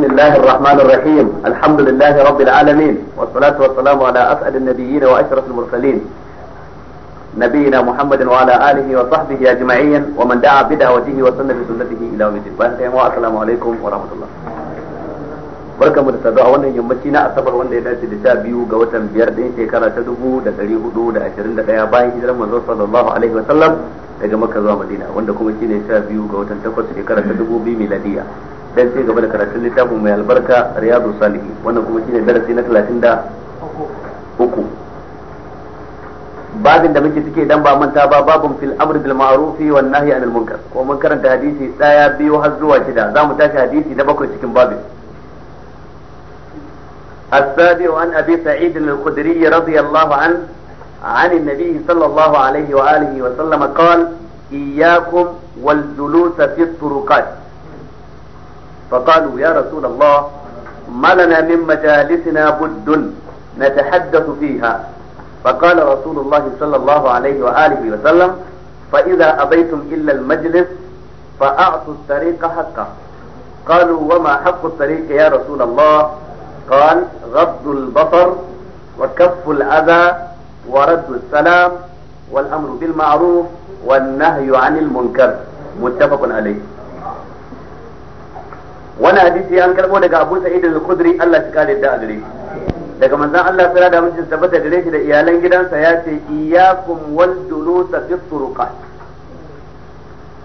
بسم الله الرحمن الرحيم الحمد لله رب العالمين والصلاة والسلام على أسعد النبيين وأشرف المرسلين نبينا محمد وعلى آله وصحبه أجمعين ومن دعا بدعوته بسنته إلى يوم الدين والسلام عليكم ورحمة الله mu da sadu a wannan yammaci na asabar wanda ya dace da sha biyu ga watan biyar ɗin shekara ta dubu da ɗari hudu da ashirin da ɗaya bayan hijirar manzo sallallahu alaihi wa sallam daga makka zuwa madina wanda kuma shine sha biyu ga watan takwas shekara ta dubu biyu miladiya dan ci gaba da karatun littafin mai albarka riyadu salihin wannan kuma shine darasi na 33 babin da muke cike dan ba manta ba babun fil amr bil ma'ruf wan nahy anil munkar ko mun karanta hadisi daya biyu har zuwa shida zamu tashi hadisi na bakwai cikin babin السابع عن أبي سعيد الخدري رضي الله عنه عن النبي صلى الله عليه وآله وسلم قال إياكم والجلوس في الطرقات فقالوا يا رسول الله ما لنا من مجالسنا بد نتحدث فيها فقال رسول الله صلى الله عليه وآله وسلم فإذا أبيتم إلا المجلس فأعطوا الطريق حقه قالوا وما حق الطريق يا رسول الله قال غض البصر وكف الأذى ورد السلام والأمر بالمعروف والنهي عن المنكر متفق عليه Wani hadisi an karbo daga Abu Sa'id al-Khudri Allah shi kare da gare shi daga manzon Allah sai da mutum tabbata gare shi da iyalan gidansa ya ce iyyakum wal dulusa fi turuqat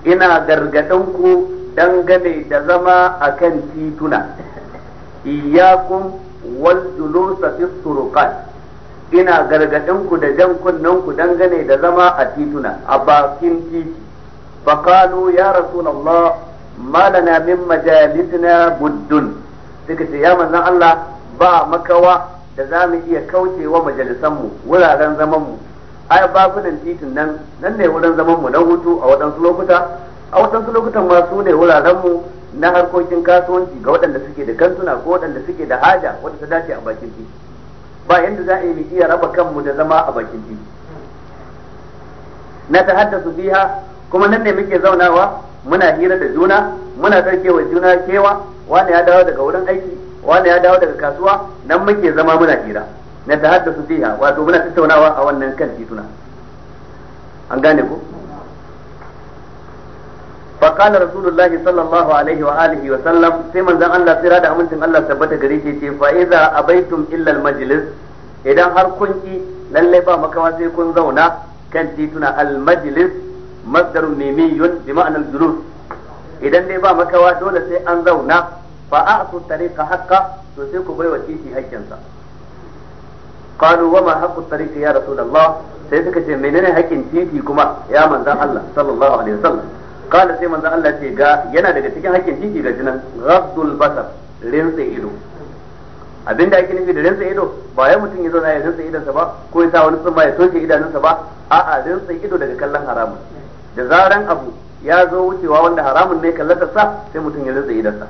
ina gargadan ku dangane da zama akan tituna iyyakum wal dulusa fi turuqat ina gargadan ku da jan kunnen ku dangane da zama a tituna a bakin titi qalu ya rasulullah malana min majalisina buddun suka ce ya manzan Allah ba makawa da za mu iya kaucewa majalisanmu wuraren zamanmu ai babunan titin nan nan ne wurin zamanmu na hutu a waɗansu lokuta a waɗansu lokutan ma ne wurarenmu na harkokin kasuwanci ga waɗanda suke da kantuna ko waɗanda suke da haja wadda ta dace a bakin titi ba yadda za a yi iya raba kanmu da zama a bakin titi na ta haddasa biha kuma nan ne muke zaunawa muna hira da juna muna wa juna kewa wani ya dawo daga wurin aiki wani ya dawo daga kasuwa nan muke zama muna hira na ta haddasa fiha wato muna tattaunawa a wannan kan tituna an gane ko فقال رسول الله صلى الله عليه وآله وسلم سيما زن الله سيرا دا أمنتم الله ثبت غريكي تي فإذا أبيتم إلا المجلس إذا هر كنتي للي با kun zauna زونا كان تيتنا المجلس masdarun ne miyun bi ma'anar julus idan dai ba makawa dole sai an zauna fa a'tu tariqa haqqa to sai ku baiwa titi haƙƙinsa qalu wa ma haqqu tariqi ya rasulullah sai suka ce menene haƙƙin titi kuma ya manzon Allah sallallahu alaihi wasallam qala sai manzon Allah ce ga yana daga cikin haƙƙin titi ga jinan ghadul basar rinsa ido abinda ake nufi da rinsa ido ba ya mutum ya zauna ya rinsa idonsa ba ko ya sa wani tsumma ya soke idanunsa ba a'a rinsa ido daga kallon haramun da zaran abu ya zo wucewa wanda haramun ne kallata sa sai mutum ya da idarsa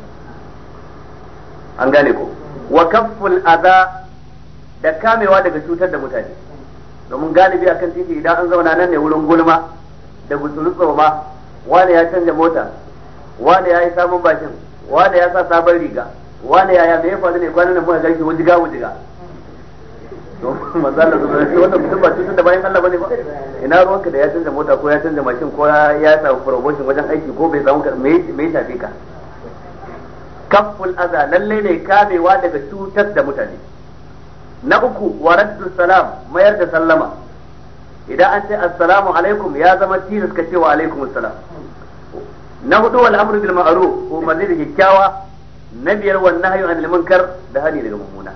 an gane ko wa kafful adha da kamewa daga cutar da mutane domin galibi akan titi idan an zauna nan ne wurin gulma da gutsurutso ma wani ya canja mota wani ya yi sabon bakin wani ya sa sabon riga wani ya ya me ya faru ne kwanan nan muka gaishe wujiga wujiga to manzo Allah zuwa sai wannan mutum ba cikin da bayan Allah bane ba ina ruwanka da ya canza mota ko ya canza mashin ko ya samu promotion wajen aiki ko bai samu me me shafe ka kafful aza lalle ne kamewa daga cutar da mutane na uku wa raddu salam mayar da sallama idan an ce assalamu alaikum ya zama tilas ka ce wa alaikum assalam na hudu wal amru bil ma'ruf ko da Kyakkyawa, na biyar wan nahyu anil munkar da hani daga mummuna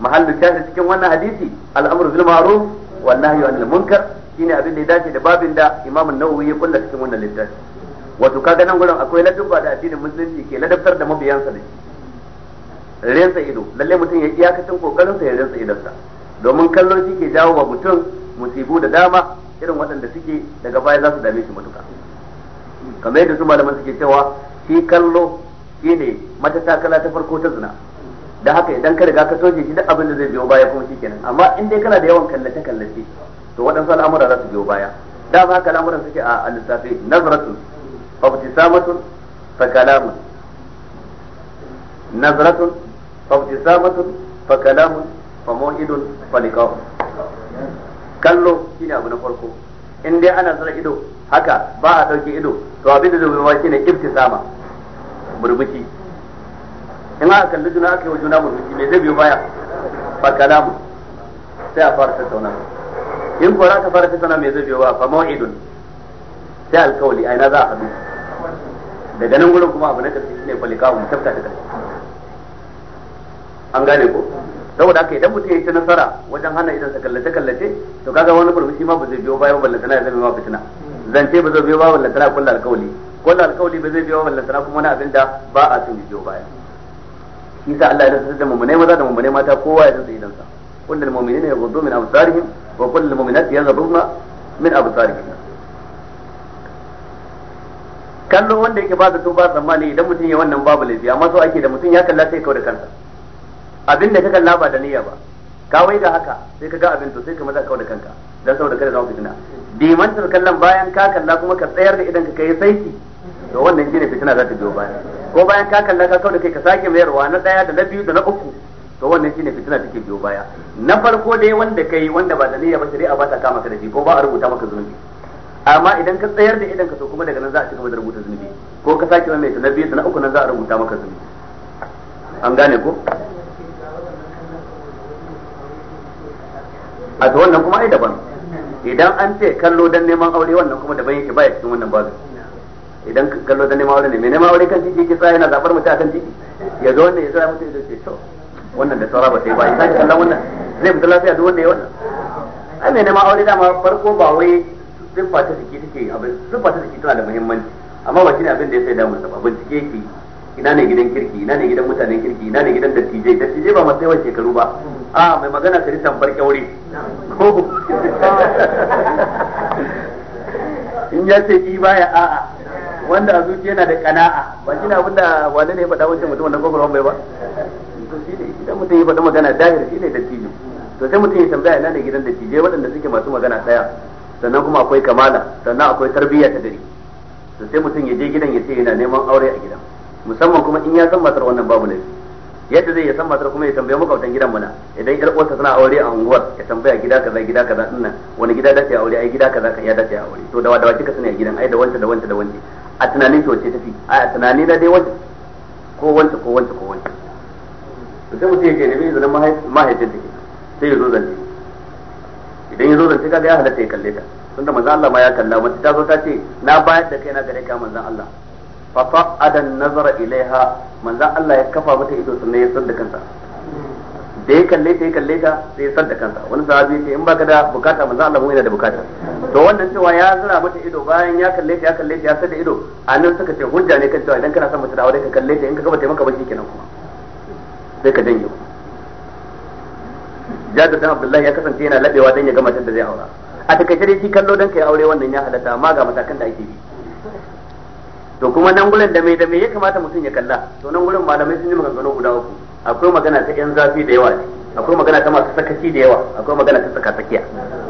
mahallin shafi cikin wannan hadisi Al'amur Zulmaru ma'ruf wan nahyu anil munkar shine abin da ya dace da babin da Imam an ya kulla cikin wannan littafi wato kaga nan gurin akwai ladabba da addinin musulunci ke ladabtar da mabiyansa da shi rinsa ido lalle mutum ya iyakacin kokarin sa ya rinsa idonsa domin kallon shi ke jawo wa mutum musibu da dama irin waɗanda suke daga baya za su dame shi matuka kamar yadda su malaman suke cewa shi kallo ne matatakala ta farko ta zina da haka idan ka riga ka soke shi duk abin da zai biyo baya kuma kenan amma in dai kana da yawan kallace kallace to waɗansu al'amura za su biyo baya da ba haka al'amuran suke a al-lissafi nazratun fabtisamatun fa kalamun nazratun fabtisamatun fa kalamun fa mawidun fa liqa'u kallo shine abu na farko in dai ana zara ido haka ba a dauke ido to abin da zai biyo baya shine ibtisama burbuki. in aka kalli juna aka yi wa juna murmushi me zai biyo baya fa kalamu sai a fara tattauna in kuwa aka fara tattauna me zai biyo baya fa mau'idun sai alkawali aina za a haɗu daga nan gurin kuma abu na karshe shine falika mu tafka da karshe an gane ko saboda haka idan mutum ya ci nasara wajen hana idan sa kallace kallace to kaga wani burbushi ma ba zai biyo baya ba ballantana ya zama ma fitina zance ba zai biyo ba ballantana kullu alkawali kullu alkawali ba zai biyo ballantana kuma wani abin da ba a tun biyo baya shi sa Allah ya tsara da mu'minai maza da mu'minai mata kowa ya tsara idan sa kullu lil mu'minina yaghuddu min absarihim wa kullu lil mu'minati yaghuddu min absarihim kallo wanda yake ba zato ba tsammani idan mutum ya wannan babu laifi amma so ake da mutum ya kalla sai kawai da kansa abin da ka kalla ba da niyya ba ka wai da haka sai ka ga abin to sai ka maza kawai da kanka dan saboda kada zama fitina dimantar kallon bayan ka kalla kuma ka tsayar da idan ka kai saiki. to wannan shine fitina za ta biyo baya ko bayan ka kalla ka da kai ka sake mayarwa na daya da na biyu da na uku to wannan shine fitina take biyo baya na farko dai wanda kai wanda ba da niyya ba shari'a ba ta kama ka da shi ko ba a rubuta maka zunubi amma idan ka tsayar da idan ka to kuma daga nan za a cigaba da rubuta zunubi ko ka sake mai na biyu da na uku nan za a rubuta maka zunubi an gane ko a to wannan kuma ai daban idan an ce kallo dan neman aure wannan kuma daban yake baya cikin wannan babu idan kallo da neman aure ne mai ma aure kan titi ke tsaya yana zabar mutum akan titi ya zo ne ya tsaya mutum ya ce to wannan da saura ba sai ba idan kallon wannan zai fita lafiya duk wanda ya wannan ai mai neman aure dama farko ba wai siffa ta jiki take abin siffa ta jiki tana da muhimmanci amma ba shine abin da ya sai damu ba bincike ki? ina ne gidan kirki ina ne gidan mutanen kirki ina ne gidan dattijai dattijai ba masu yawan shekaru ba a mai magana ka ritan bar kyaure ko in ya ce ki baya a'a wanda a zuciya yana da kana'a ba shi ne abin da wani ne ya faɗa wancan mutum wannan gwagwarwan bai ba to shi ne idan mutum ya faɗa magana dahir shi ne da tijo to sai mutum ya tambaya ina ne gidan da tije waɗanda suke masu magana ɗaya sannan kuma akwai kamala sannan akwai tarbiyya ta gari to sai mutum ya je gidan ya ce yana neman aure a gidan musamman kuma in ya san matar wannan babu ne. yadda zai ya san matar kuma ya tambaye makautan gidan mana idan yar uwarsa tana aure a unguwar ya tambaya gida kaza gida kaza dinnan wani gida dace aure ai gida kaza kan ya dace aure to da wadawa kika sani a gidan ai da wanta da wanta da wanta a tunanin wace ta tafi a tunani na dai wacce ko wanta ko wanta ko wanta to sai mutum yake nemi izinin mahaifin take sai ya zo zance idan ya zo zance kaga ya halatta ya kalle ta da manzon Allah ma ya kalla mace ta zo ta ce na bayar da kaina gare ka manzon Allah fa adan nazara ilaiha manzon Allah ya kafa mata ido sannan ya sanda da kansa da ya kalle ta ya kalle ta sai ya da kansa wani sahabi ce in baka da bukata manzo Allah yana da bukata to wannan cewa ya zura mata ido bayan ya kalle ta ya kalle ta ya sada ido anan suka ce hujja ne kan cewa idan kana son mace da aure ka kalle ta in ka gaba taimaka ba shikenan kuma sai ka janye Jabir dan Abdullahi ya kasance yana labewa dan ya ga matar da zai aura a takaice dai shi kallo dan kai aure wannan ya halatta amma ga matakan da ake bi to kuma nan gurin da mai da mai ya kamata mutum ya kalla to nan gurin malamai sun yi maganganu guda uku akwai magana ta yan zafi da yawa akwai magana ta masu sakaci da yawa akwai magana ta tsaka tsakiya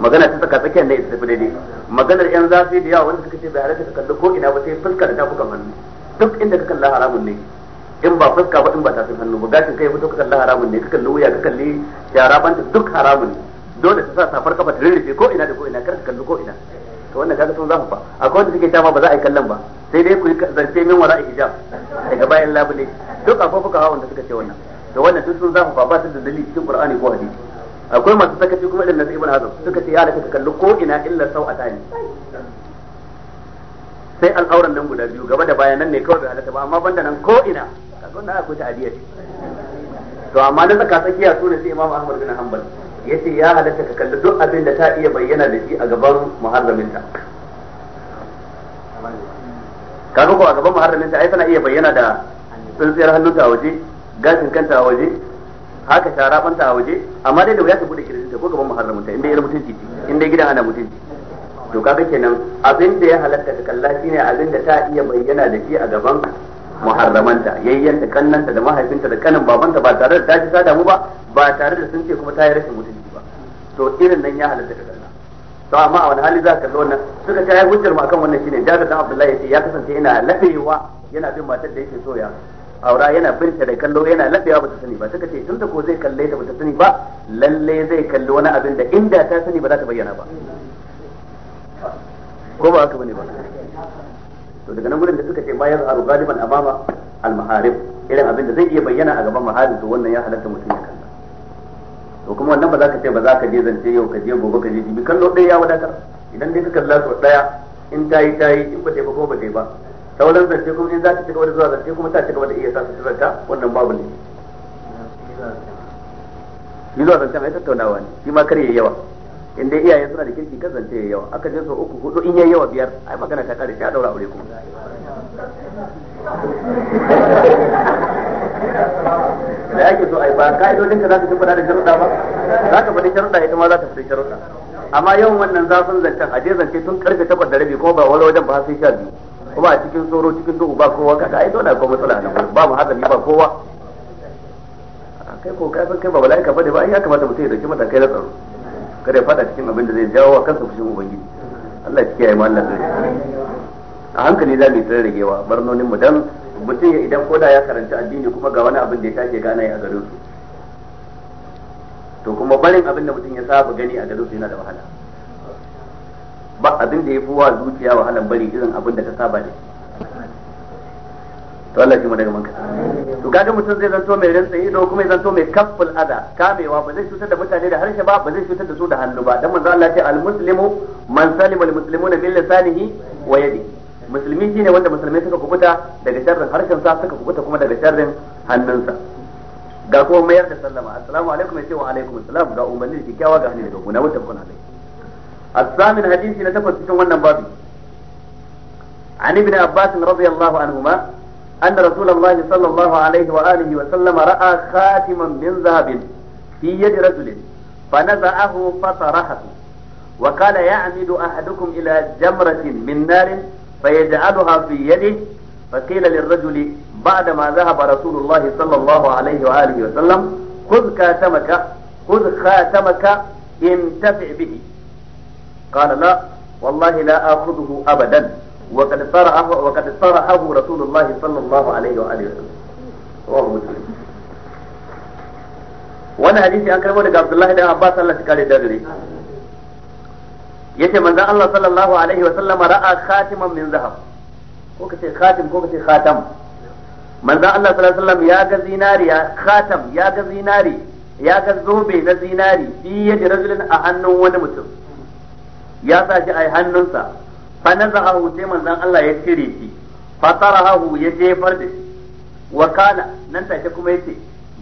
magana ta tsaka tsakiyar ne isa daidai maganar yan zafi da yawa wanda suka ce bai halatta ka kalli ko ina ba sai fuska da tafukan hannu duk inda ka kalla haramun ne in ba fuska ba in ba tafukan hannu ba gashin kai fito ka kalla haramun ne ka kalli wuya ka kalli yara banta duk haramun ne dole ta sa safar kafa ta rirrife ko ina da ko ina kar ka kalli ko ina to wannan kaga sun zafa ba akwai wanda suke shafa ba za a yi kallon ba sai dai ku yi zance min yi hijab daga bayan labule duk akwai fuka wanda suka ce wannan to wannan duk sun zafafa ba su da dalili cikin qur'ani ko hadisi akwai masu sakaci kuma irin nasu ibn hazm suka ce ya laka kallu ko ina illa sau'ata ne sai auran nan guda biyu gaba da bayan nan ne kawai bai halatta ba amma banda nan ko ina kaga wannan akwai ta'adiyya ce to amma na saka tsakiya sune sai imamu ahmad bin hanbal yace ya halatta ka kallu duk abin da ta iya bayyana da shi a gaban muharraminta kaga ko a gaban muharraminta ai tana iya bayyana da tsintsiyar hannunta a waje gashin kanta a waje haka shara banta a waje amma dai da wuya ta bude kirjinta ko gaban muharramunta inda yana mutunci ce inda gidan ana mutunci to kaga kenan abin da ya halatta ka kalla shine abin da ta iya bayyana da shi a gaban muharramanta yayyanta kannanta da mahaifinta da kanin babanta ba tare da ta ci ta damu ba ba tare da sun ce kuma ta yi rashin mutunci ba to irin nan ya halatta ka kalla to amma a wani hali za ka zo wannan suka ta yi hujjar mu akan wannan shine jabir dan abdullahi ya ya kasance yana ladewa yana bin matar da yake so aura yana binta da kallo yana labewa ba ta sani ba suka ce da ko zai kalle ta ba ta sani ba lalle zai kalli wani abin da inda ta sani ba za ta bayyana ba ko ba haka bane ba to daga nan gurin da suka ce ma yazharu galiban amama al maharib irin abin da zai iya bayyana a gaban maharib to wannan ya halatta mutum ya kalla to kuma wannan ba za ka ce ba za ka je zance yau ka je gobe ka je jibi kallo ɗaya ya wadatar idan dai ka kalla sau ɗaya in ta yi ta yi in ba ta yi ba ko ba ta yi ba sauran zance kuma in za ta cigaba da zuwa zance kuma ta cigaba da iya sa su zanta wannan babu ne shi zuwa zance mai tattaunawa ne shi ma karye yawa Inda iyaye suna da kirki kan zance yawa aka je so uku hudu in yayi yawa biyar ai magana ta kare ta daura aure kuma da ake so ai ba ka'idodin ka za ka tabbata da sharuɗa ba za ka faɗi sharuɗa ita ma za ta faɗi sharuɗa amma yawan wannan zafin zancen a je zance tun karfe takwas da rabi kuma ba wani wajen ba sai sha biyu kuma a cikin tsoro cikin duhu ba kowa ka ai dole akwai matsala ne ba mu hazali ba kowa kai ko kai san kai ba bala'i ka bade ba ai ya kamata mutum ya dauki matakai na tsaro kada ya fada cikin abin da zai jawo wa kansa fushin ubangiji Allah ya kiyaye mu Allah zai a hankali za mu yi tsare ragewa barnonin mu dan mutum idan koda ya karanta addini kuma ga wani abin da ya tashi gana ya a garin su to kuma barin abin da mutum ya saba gani a garin su yana da wahala ba abin da ya fi wa zuciya wahalan bari irin abin da ka saba da shi to Allah shi mu daga manka to kaga mutum zai zanto mai rantsa ido kuma ya zanto mai kafful ada kamewa ba zai cutar da mutane da harshe ba ba zai cutar da su da hannu ba dan manzo Allah ya ce al muslimu man salima al muslimuna min lisanihi wa yadihi musulmi shine wanda musulmai suka kubuta daga sharrin harshen sa suka kubuta kuma daga sharrin hannunsa ga kuma mayar da sallama assalamu alaikum ya ce wa alaikum assalam ga umarni da kyakkyawa ga hannu da gona wata kuna alaikum الثامن حديث نتفت في سنة بابي عن ابن عباس رضي الله عنهما أن رسول الله صلى الله عليه وآله وسلم رأى خاتما من ذهب في يد رجل فنزعه فطرحه وقال يعمد أحدكم إلى جمرة من نار فيجعلها في يده فقيل للرجل بعدما ذهب رسول الله صلى الله عليه وآله وسلم خذ خاتمك خذ خاتمك انتفع به qala la wallahi la akhudhu abadan wa qad saraha wa qad sarahahu rasulullah sallallahu alaihi wa da Abbas Allah ya kare da yace manzon Allah sallallahu alaihi wa sallama ra'a khatiman min zahab ko kace khatim ko kace khatam manzon Allah sallallahu alaihi wasallam ya ga khatam ya ga zinari ya ga zobe na zinari bi yadi rajulin a hannun wani mutum ya sa shi a hannunsa fa nazahu sai manzon Allah ya cire shi fa tarahu ya jefar da shi wa kana nan take kuma yace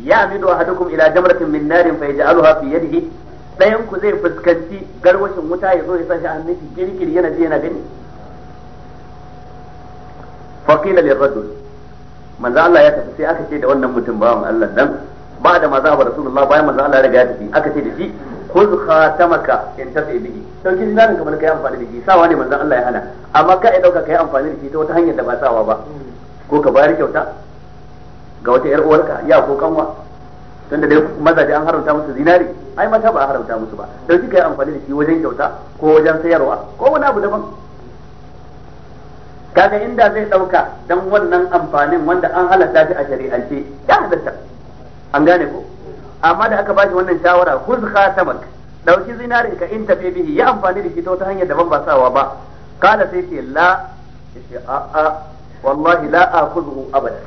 ya amidu ahadukum ila jamratin min narin fa yaj'aluha fi yadihi dayan ku zai fuskanci garwashin wuta ya zo ya sa shi a hannunsa kirkiri yana ji yana gani fa qila lirrajul manzo Allah ya tafi sai aka ce da wannan mutum bawan Allah dan ba da maza ba rasulullah bayan manzo Allah ya riga ya tafi aka ce da shi khudh khatamaka in tafi bihi kin dinarin kamar kai amfani da shi sawa ne manzon Allah ya hana amma ka ai dauka kai amfani da shi ta wata hanyar da ba sawa ba ko ka bayar kyauta ga wata yar uwarka ya ko kanwa tunda dai mazaje an haramta musu zinari ai mata ba haramta musu ba kin kai amfani da shi wajen kyauta ko wajen sayarwa ko wani abu daban kaga inda zai dauka dan wannan amfanin wanda an halatta shi a shari'ance ya halatta an gane ko amma da aka bashi wannan shawara khuz khatamak dauki zinari ka in tafi bihi ya amfani da shi ta wata hanyar daban ba sawa ba kala sai ce la yace a a wallahi la akhudhu abada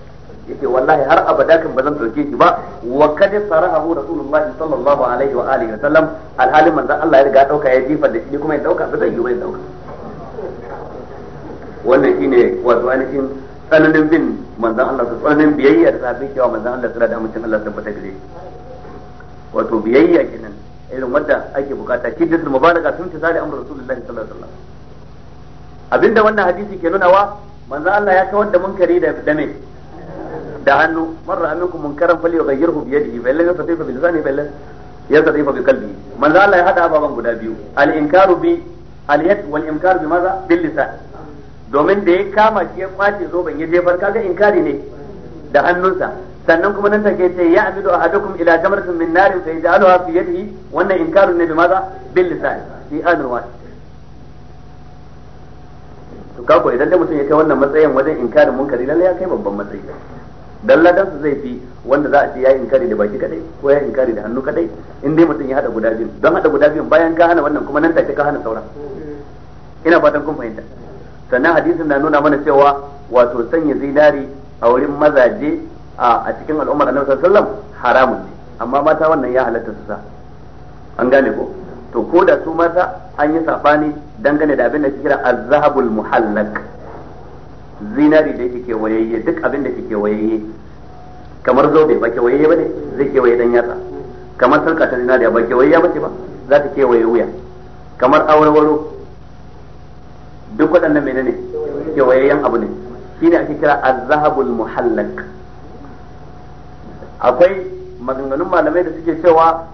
yace wallahi har abada kan bazan dauke shi ba wa kad sarahu rasulullahi sallallahu alaihi wa alihi wa sallam alhalin manzo Allah ya riga dauka ya jifa da shi kuma ya dauka ba zai yi ba ya dauka wannan shine wato ainihin tsananin bin manzon Allah tsananin biyayya da sabbin cewa manzon Allah sallallahu alaihi wa da amincin Allah tabbata gare shi wato biyayya kenan irin wanda ake bukata da mubaraka sun ci sali amr rasulullahi sallallahu alaihi wasallam abinda wannan hadisi ke nuna wa manzo Allah ya kawar da munkari da da me da hannu marra aminkum munkaran falyughayyirhu bi yadihi bal illam yastati bil lisani bal fa illam yastati bi qalbi manzo Allah ya hada ababan guda biyu al inkaru bi al yad wal inkaru bi maza bil lisan domin da ya kama shi ya kwace zoben ya jefar kaga inkari ne da hannunsa sannan kuma nan take ce ya abidu ahadukum ila jamratin min nar fa yaj'aluha fi yadihi wannan inkarun ne maza bil lisan fi anul wa to kako idan da mutum ya kai wannan matsayin wajen inkarin munkari lalle ya kai babban matsayi dan ladan su zai fi wanda za a ce ya inkari da baki kadai ko ya inkari da hannu kadai in dai mutum ya hada guda biyu don hada guda biyu bayan ka hana wannan kuma nan take ka hana sauran ina fatan kun fahimta sannan hadisin na nuna mana cewa wato sanya zinari a wurin mazaje a cikin al'ummar annabi sallallahu alaihi wasallam haramun ne amma mata wannan ya halatta su sa an gane ko to ko da su mata an yi sabani dangane da abin da ke kira azhabul muhallak zinari da yake kewayayye duk abin da ke kewayayye kamar zobe ba kewayayye ba ne zai kewaye dan yatsa kamar sarka ta zinari ba kewayayya ba ce ba za ta kewaye wuya kamar awarwaro duk waɗannan menene kewayayyen abu ne shine ake kira azhabul muhallak akwai maganganun malamai da suke cewa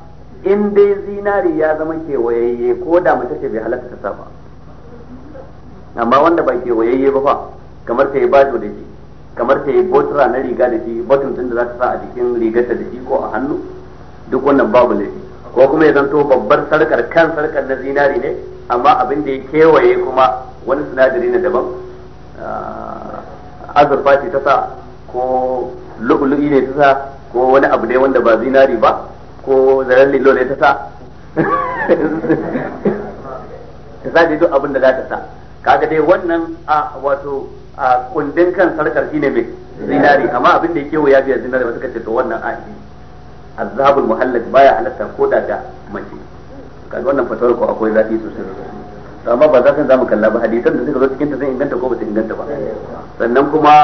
in dai zinari ya zama kewayayye ko da mace ce bai halatta ta saba amma wanda ba kewayayye ba fa kamar ta yi bajo da shi kamar ta yi botura na riga da shi batun din da za ta sa a jikin rigarta da shi ko a hannu duk wannan babu ne ko kuma ya zanto babbar sarkar kan sarkar na zinari ne amma abin da ya kewaye kuma wani sinadari na daban ah, azurfa ce ta sa ko lu'ulu'i ne ta sa ko wani abu ne wanda ba zinari ba ko zaren lilo ne ta sa ta sa dai duk abin da za ta sa kaga dai wannan a wato a kundin kan sarkar ne mai zinari amma abin da yake ya biya zinari ba suka ce to wannan a shi azhabul muhallad baya halatta ko da da mace kaga wannan fatawar ko akwai zafi sosai to amma ba za san mu kalla ba hadisan da suka zo cikin ta zai inganta ko ba ta inganta ba sannan kuma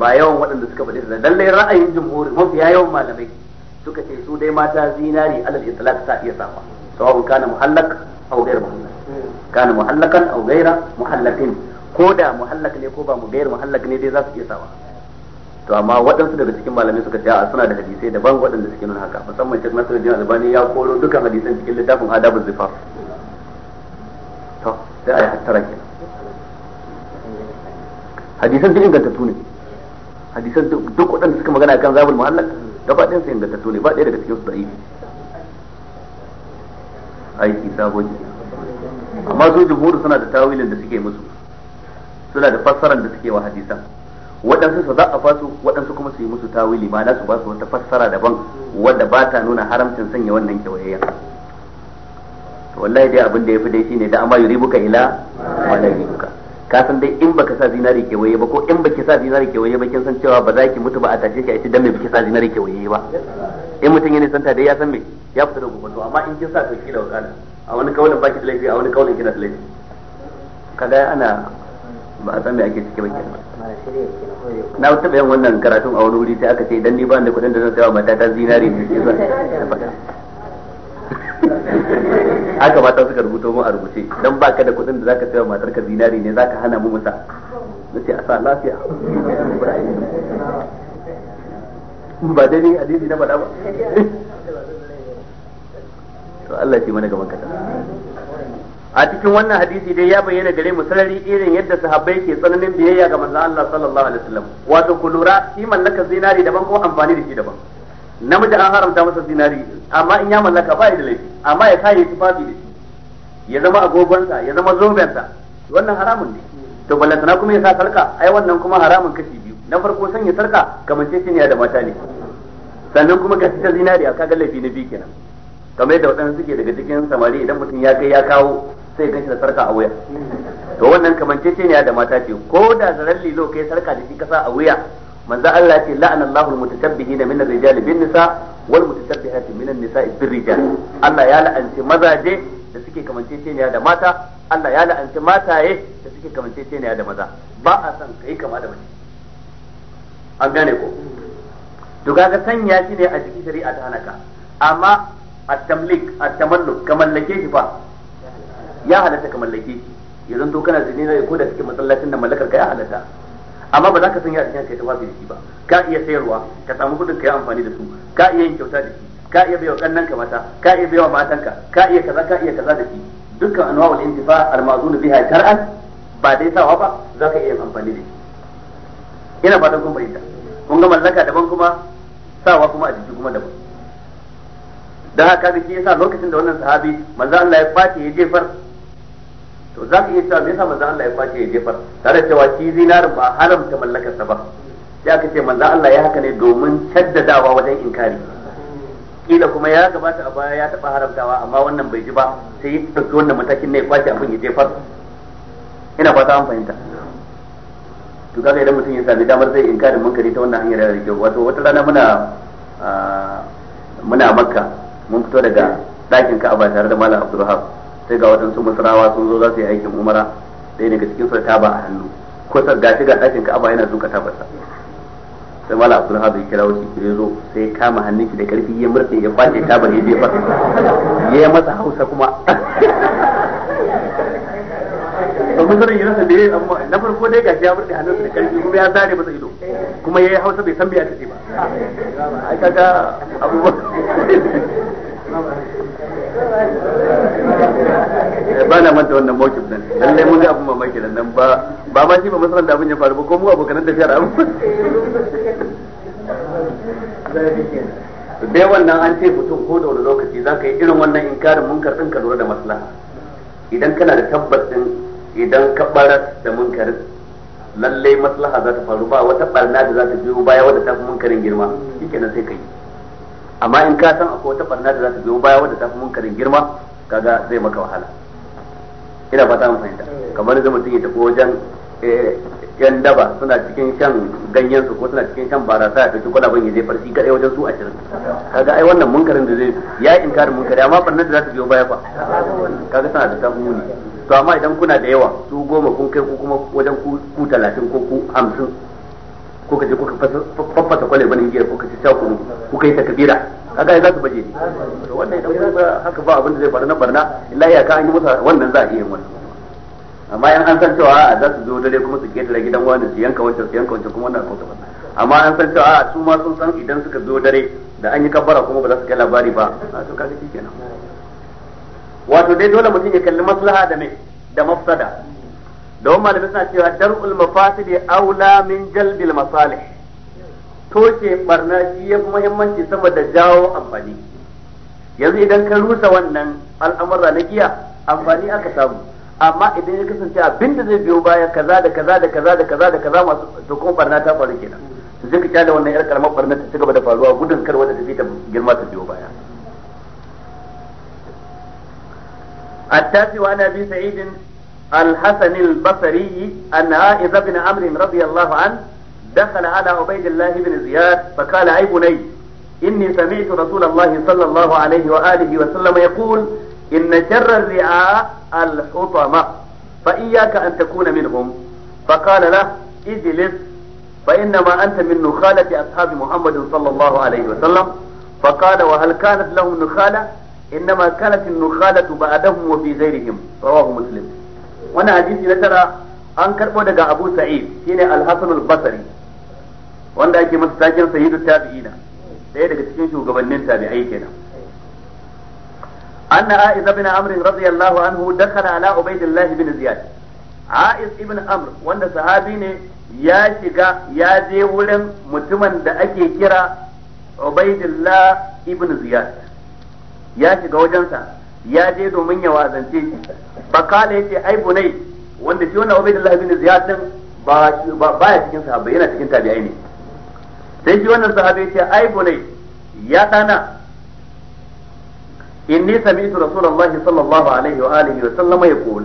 ba yawan waɗanda suka faɗi da lallai ra'ayin jumhuri mafiya yawan malamai suka ce su dai mata zinari alal itlaq ta iya safa sawabun kana muhallak aw ghayr muhallak kana muhallakan aw ghayra muhallakin ko da muhallak ne ko ba mu ghayr muhallak ne dai za su iya safa to amma waɗansu daga cikin malamai suka ce a suna da hadisai daban waɗanda suke nuna haka musamman Sheikh Nasiruddin Albani ya koro dukkan hadisan cikin littafin Adabuz Zifaf to sai a hattara kenan hadisan cikin gantattu ne hadisan duk waɗanda suka magana kan zabul mu'allaq gaba ɗayan su ingantattu ne ba ɗaya daga cikin su da'ifi aiki sabon amma su jumhur suna da tawilin da suke musu suna da fassaran da suke wa hadisan waɗansu su za a fasu waɗansu kuma su yi musu tawili ma'ana su ba su wata fassara daban wadda ba ta nuna haramcin sanya wannan kewayayyen to wallahi dai abin da ya fi dai shine da amma yuri buka ila ma la yuribuka ka san dai in baka sa ke kewaye ba ko in baki sa ke kewaye ba kin san cewa ba za ki mutu ba a tashe ki a ce dan me baki sa ke kewaye ba in mutum yana santa dai ya san me ya fita da gobe amma in kin sa to kila wakala a wani kaulin baki da laifi a wani kaulin kina da laifi kaga ana ba a san me ake ciki ba kenan na taɓa bayan wannan karatun a wani wuri sai aka ce idan ni ba da kuɗin da zan sayawa mata ta zinari ne ke zan haka mata suka rubuto mu a rubuce dan baka da kuɗin da zaka sayo matar ka zinari ne zaka hana mu Na ce a sa lafiya ba dai ne hadisi na faɗa ba to Allah shi mana gaban kasa a cikin wannan hadisi dai ya bayyana gare mu sarari irin yadda sahabbai ke tsananin biyayya ga manzon Allah sallallahu alaihi wasallam wato kulura shi mallaka zinari daban ko amfani da shi daban namiji an haramta masa zinari amma in ya mallaka ba da laifi amma ya kayi fafi da shi ya zama agogonsa ya zama zobensa wannan haramun ne to ballantana kuma ya sa sarka ai wannan kuma haramun kashi biyu na farko sanya sarka kamar ne da mata ne sannan kuma ka ta zinari a kaga laifi na biyu kenan kamar yadda waɗansu suke daga cikin samari idan mutum ya kai ya kawo sai ya shi da sarka a wuya to wannan kamar ne da mata ce ko da zarar lilo kai sarka da shi kasa a wuya manzo Allah ya ce la'ana Allahu al-mutakabbihina min ar-rijal nisa wal mutakabbihati min an-nisa bir rijal Allah ya la'anci mazaje da suke kamanceceniya da mata Allah ya la'anci mataye da suke kamanceceniya da maza ba a san kai kama da mace an gane ko to kaga sanya shi ne a cikin shari'a ta hanaka amma at-tamlik at-tamalluk ka shi fa ya halatta ka mallake shi to kana ko da cikin masallacin da mallakar ka ya halatta amma ba za ka sanya a cikin kai tafafi da shi ba ka iya sayarwa ka samu kudin ka yi amfani da su ka iya yin kyauta da shi ka iya baiwa kannan ka mata ka iya baiwa matanka ka iya kaza ka iya kaza da shi dukkan anwa'ul intifa almazun biha shar'an ba dai sawa ba za ka iya yin amfani da shi ina ba kun fahimta kun ga mallaka daban kuma sawa kuma a jiki kuma daban dan haka ga shi yasa lokacin da wannan sahabi manzo Allah ya fati ya jefar to za ka iya cewa me yasa manzo Allah ya kwace ya jefar tare cewa shi zinarin ba haramta mallakar sa ba sai aka ce manzo Allah ya haka ne domin shaddadawa wajen inkari kila kuma ya gabata a baya ya taba haramtawa amma wannan bai ji ba sai ya dauki wannan matakin ne ya kwace abin ya jefar ina fata an fahimta to kaga idan mutum ya sami damar zai inkari munkari ta wannan hanyar da kyau wato wata rana muna ah, muna makka mun fito daga ɗakin ka'aba tare da malam abdulrahman sai ga waɗansu masarawa sun zo za su yi aikin umara ɗaya daga cikin su ba a hannu kusa ga ga ɗakin ka'aba yana duka tabarsa sai mala abdul hadu ya kira wasu ya zo sai kama hannun shi da karfi ya murɗe ya ta ba ya je fasa ya yi masa hausa kuma kuma ya yi hausa bai san biya ta ba ai Eh, ba na manta wannan mokin nan lallai mun ga abin mamaki nan nan ba ba ma shi ba masalan da abin ya faru ba ko mu abokan tafiyar abin dai wannan an ce mutum ko da wani lokaci za ka yi irin wannan inkarin munkar ɗin ka lura da maslaha idan kana da tabbas ɗin idan ka ɓarar da munkarin lallai maslaha za ta faru ba wata ɓarna da za ta biyo baya wadda ta fi munkarin girma kenan sai ka yi amma in ka san akwai wata barna da za ta biyo baya wadda ta fi munkarin girma kaga zai maka wahala ina fata mun fahimta kamar da mutum ya tafi wajen eh, yan daba suna cikin shan ganyen su ko suna cikin shan barasa ya ɗauki kwalaban ya je farsi kadai wajen su ashirin kaga ai wannan munkarin da zai ya inkarin munkari amma barna da za ta biyo baya fa kaga suna da tafi muni to amma idan kuna da yawa su goma kun kai ku kuma wajen ku talatin ko ku hamsin ko ka je kuka fafata kwale bane giya ko ka ci sha kunu kai ta kabira kaga za su baje ni to wannan idan ba haka ba abin da zai faru na barna illahi ya ka an yi masa wannan za a iya wannan amma in an san cewa a za su zo dare kuma su ketare gidan wani su yanka wancan su yanka wancan kuma wannan kauta ba amma an san cewa a su ma sun san idan suka zo dare da an yi kabbara kuma ba za su kai labari ba to kaga shi kenan wato dai dole mutum ya kalli maslaha da me da mafsada da wani suna cewa dar'ul mafasidi aula min jalbil masalih toshe barna shi yafi muhimmanci sama da jawo amfani yanzu idan ka rusa wannan al'amura na giya amfani aka samu amma idan ya kasance abin da zai biyo baya kaza da kaza da kaza da kaza da kaza masu to kuma barna ta faru kenan su zai ka da wannan yar karamar barna ta cigaba da faruwa gudun kar wanda fi ta girma ta biyo baya التاسع عن ابي سعيد الحسن البصري أن عائذ بن عمرو رضي الله عنه دخل على عبيد الله بن زياد فقال أي بني إني سمعت رسول الله صلى الله عليه وآله وسلم يقول إن شر الرعاء الحطمة فإياك أن تكون منهم فقال له اجلس فإنما أنت من نخالة أصحاب محمد صلى الله عليه وسلم فقال وهل كانت لهم نخالة إنما كانت النخالة بعدهم وفي غيرهم رواه مسلم wannan hadisi na tara an karbo daga Abu Sa'id shine Al-Hasan al-Basri wanda ake masa takin sayyidu tabi'ina daya daga cikin shugabannin tabi'ai kenan anna A'iz ibn Amr radiyallahu anhu dakhala ala Ubaydillah ibn Ziyad A'iz ibn Amr wanda sahabi ne ya shiga ya je wurin mutumin da ake kira Ubaydillah ibn Ziyad ya shiga wajensa ya je domin ya wazance shi bakala yace ai bunai wanda shi wannan ubaidullah bin ziyad din ba baya cikin sahabbai yana cikin tabi'ai ne sai shi wannan sahabi yace ai bunai ya dana inni sami'tu rasulullahi sallallahu alaihi wa alihi wa sallama yaqul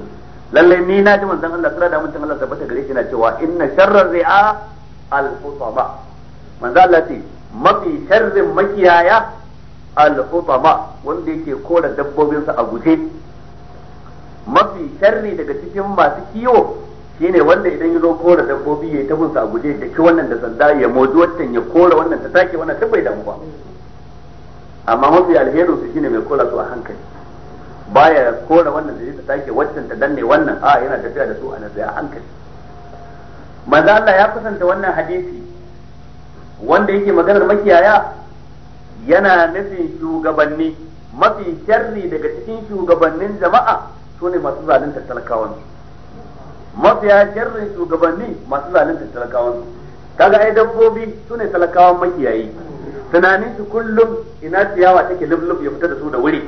lalle ni na ji manzon Allah sura da mutum Allah tabbata gare shi na cewa inna sharrar ri'a al-hutama manzo Allah ce mafi sharrin makiyaya al-utama wanda yake kora dabbobinsa a guje mafi sharri daga cikin masu kiwo shine wanda idan ya zo kora dabbobi ya ta bunsa a guje da ki wannan da sanda ya modu wannan ya kora wannan ta take wannan ta bai damu ba amma mafi alherin su shine mai kora su a hankali baya kora wannan da ta take wannan ta danne wannan a yana tafiya da su a nazari a hankali manzo Allah ya kusanta wannan hadisi wanda yake maganar makiyaya yana nufin shugabanni mafi sharri daga cikin shugabannin jama'a su ne masu zalunta talakawan mafiya sharrin shugabanni masu zalunta talakawan kaga ai dabbobi su ne talakawan makiyayi tunanin su kullum ina ciyawa take lublub ya fita da su da wuri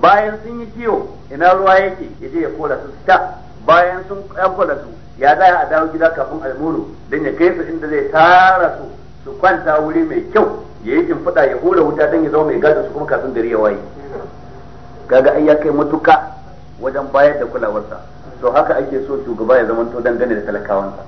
bayan sun yi kiwo ina ruwa yake ya je ya kola su ta bayan sun kola su ya za a dawo gida kafin almuru don ya kai su inda zai tara su su kwanta wuri mai kyau ya yi shimfiɗa ya hura wuta don ya zama mai gadin su kuma kafin gari ya waye kaga ai ya kai matuka wajen bayar da kulawarsa to haka ake so shugaba ya zama to dangane da talakawansa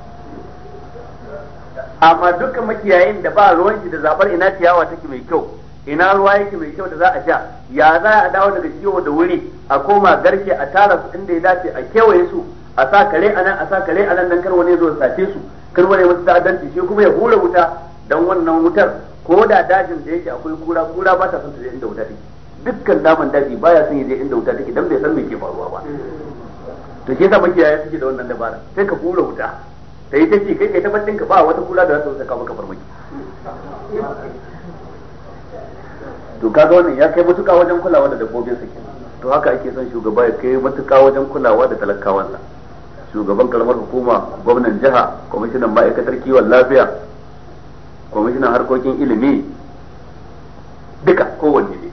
amma duka makiyayin da ba ruwan shi da zabar ina ciyawa take mai kyau ina ruwa yake mai kyau da za a sha ya za a dawo daga ciwo da wuri a koma garke a tara su inda ya dace a kewaye su a sa kare a nan a sa kare a nan dan kar wani zo sace su kar wani musu ta'addanci shi kuma ya hura wuta dan wannan wutar ko da dajin da yake akwai kura kura ba ta son ta je inda wuta take dukkan naman daji baya son ya je inda wuta take dan bai san me ke faruwa ba to shi yasa ya suke da wannan dabara sai ka kura wuta ta yi ta kai kai ta bacin ka ba wata kura da za ta saka maka farmaki to kaga wannan ya kai mutuka wajen kulawa da dabbobin sa kenan to haka ake son shugaba ya kai mutuka wajen kulawa da sa shugaban karamar hukuma gwamnan jiha kwamishinan ma'aikatar kiwon lafiya kwamishinan harkokin ilimi duka kowanne ne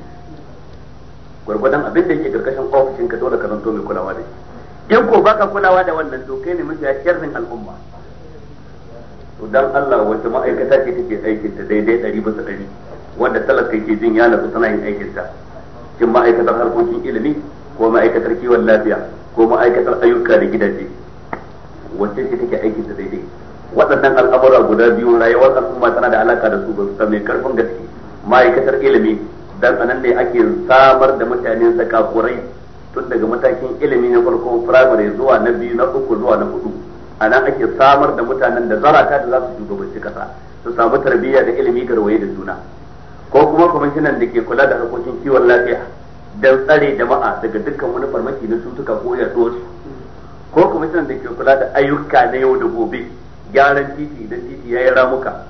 gwargwadon abin da yake karkashin ofishin ka dole ka zanto mai kulawa da shi in ko baka kulawa da wannan to kai ne mafi sharrin al'umma to dan Allah wata ma'aikata ce take aikin ta daidai ɗari bisa ɗari wanda talaka ke jin ya nasu tana yin aikin ta shin ma'aikatar harkokin ilimi ko ma'aikatar kiwon lafiya ko ma'aikatar ayyuka da gidaje wacce ce take aikin ta daidai waɗannan al'amura guda biyu rayuwar al'umma tana da alaka da su ba su mai karfin gaske ma'aikatar ilimi dan anan ne ake samar da mutane zakakurai tun daga matakin ilimi na farko firamare zuwa na biyu na uku zuwa na hudu a nan ake samar da mutanen da zarata da za su shugabanci kasa su samu tarbiyya da ilimi garwaye da juna ko kuma kwamishinan da ke kula da harkokin kiwon lafiya don tsare jama'a daga dukkan wani farmaki na cutuka ko yaduwar su ko kwamishinan da ke kula da ayyuka na yau da gobe gyaran titi idan titi ya yi ramuka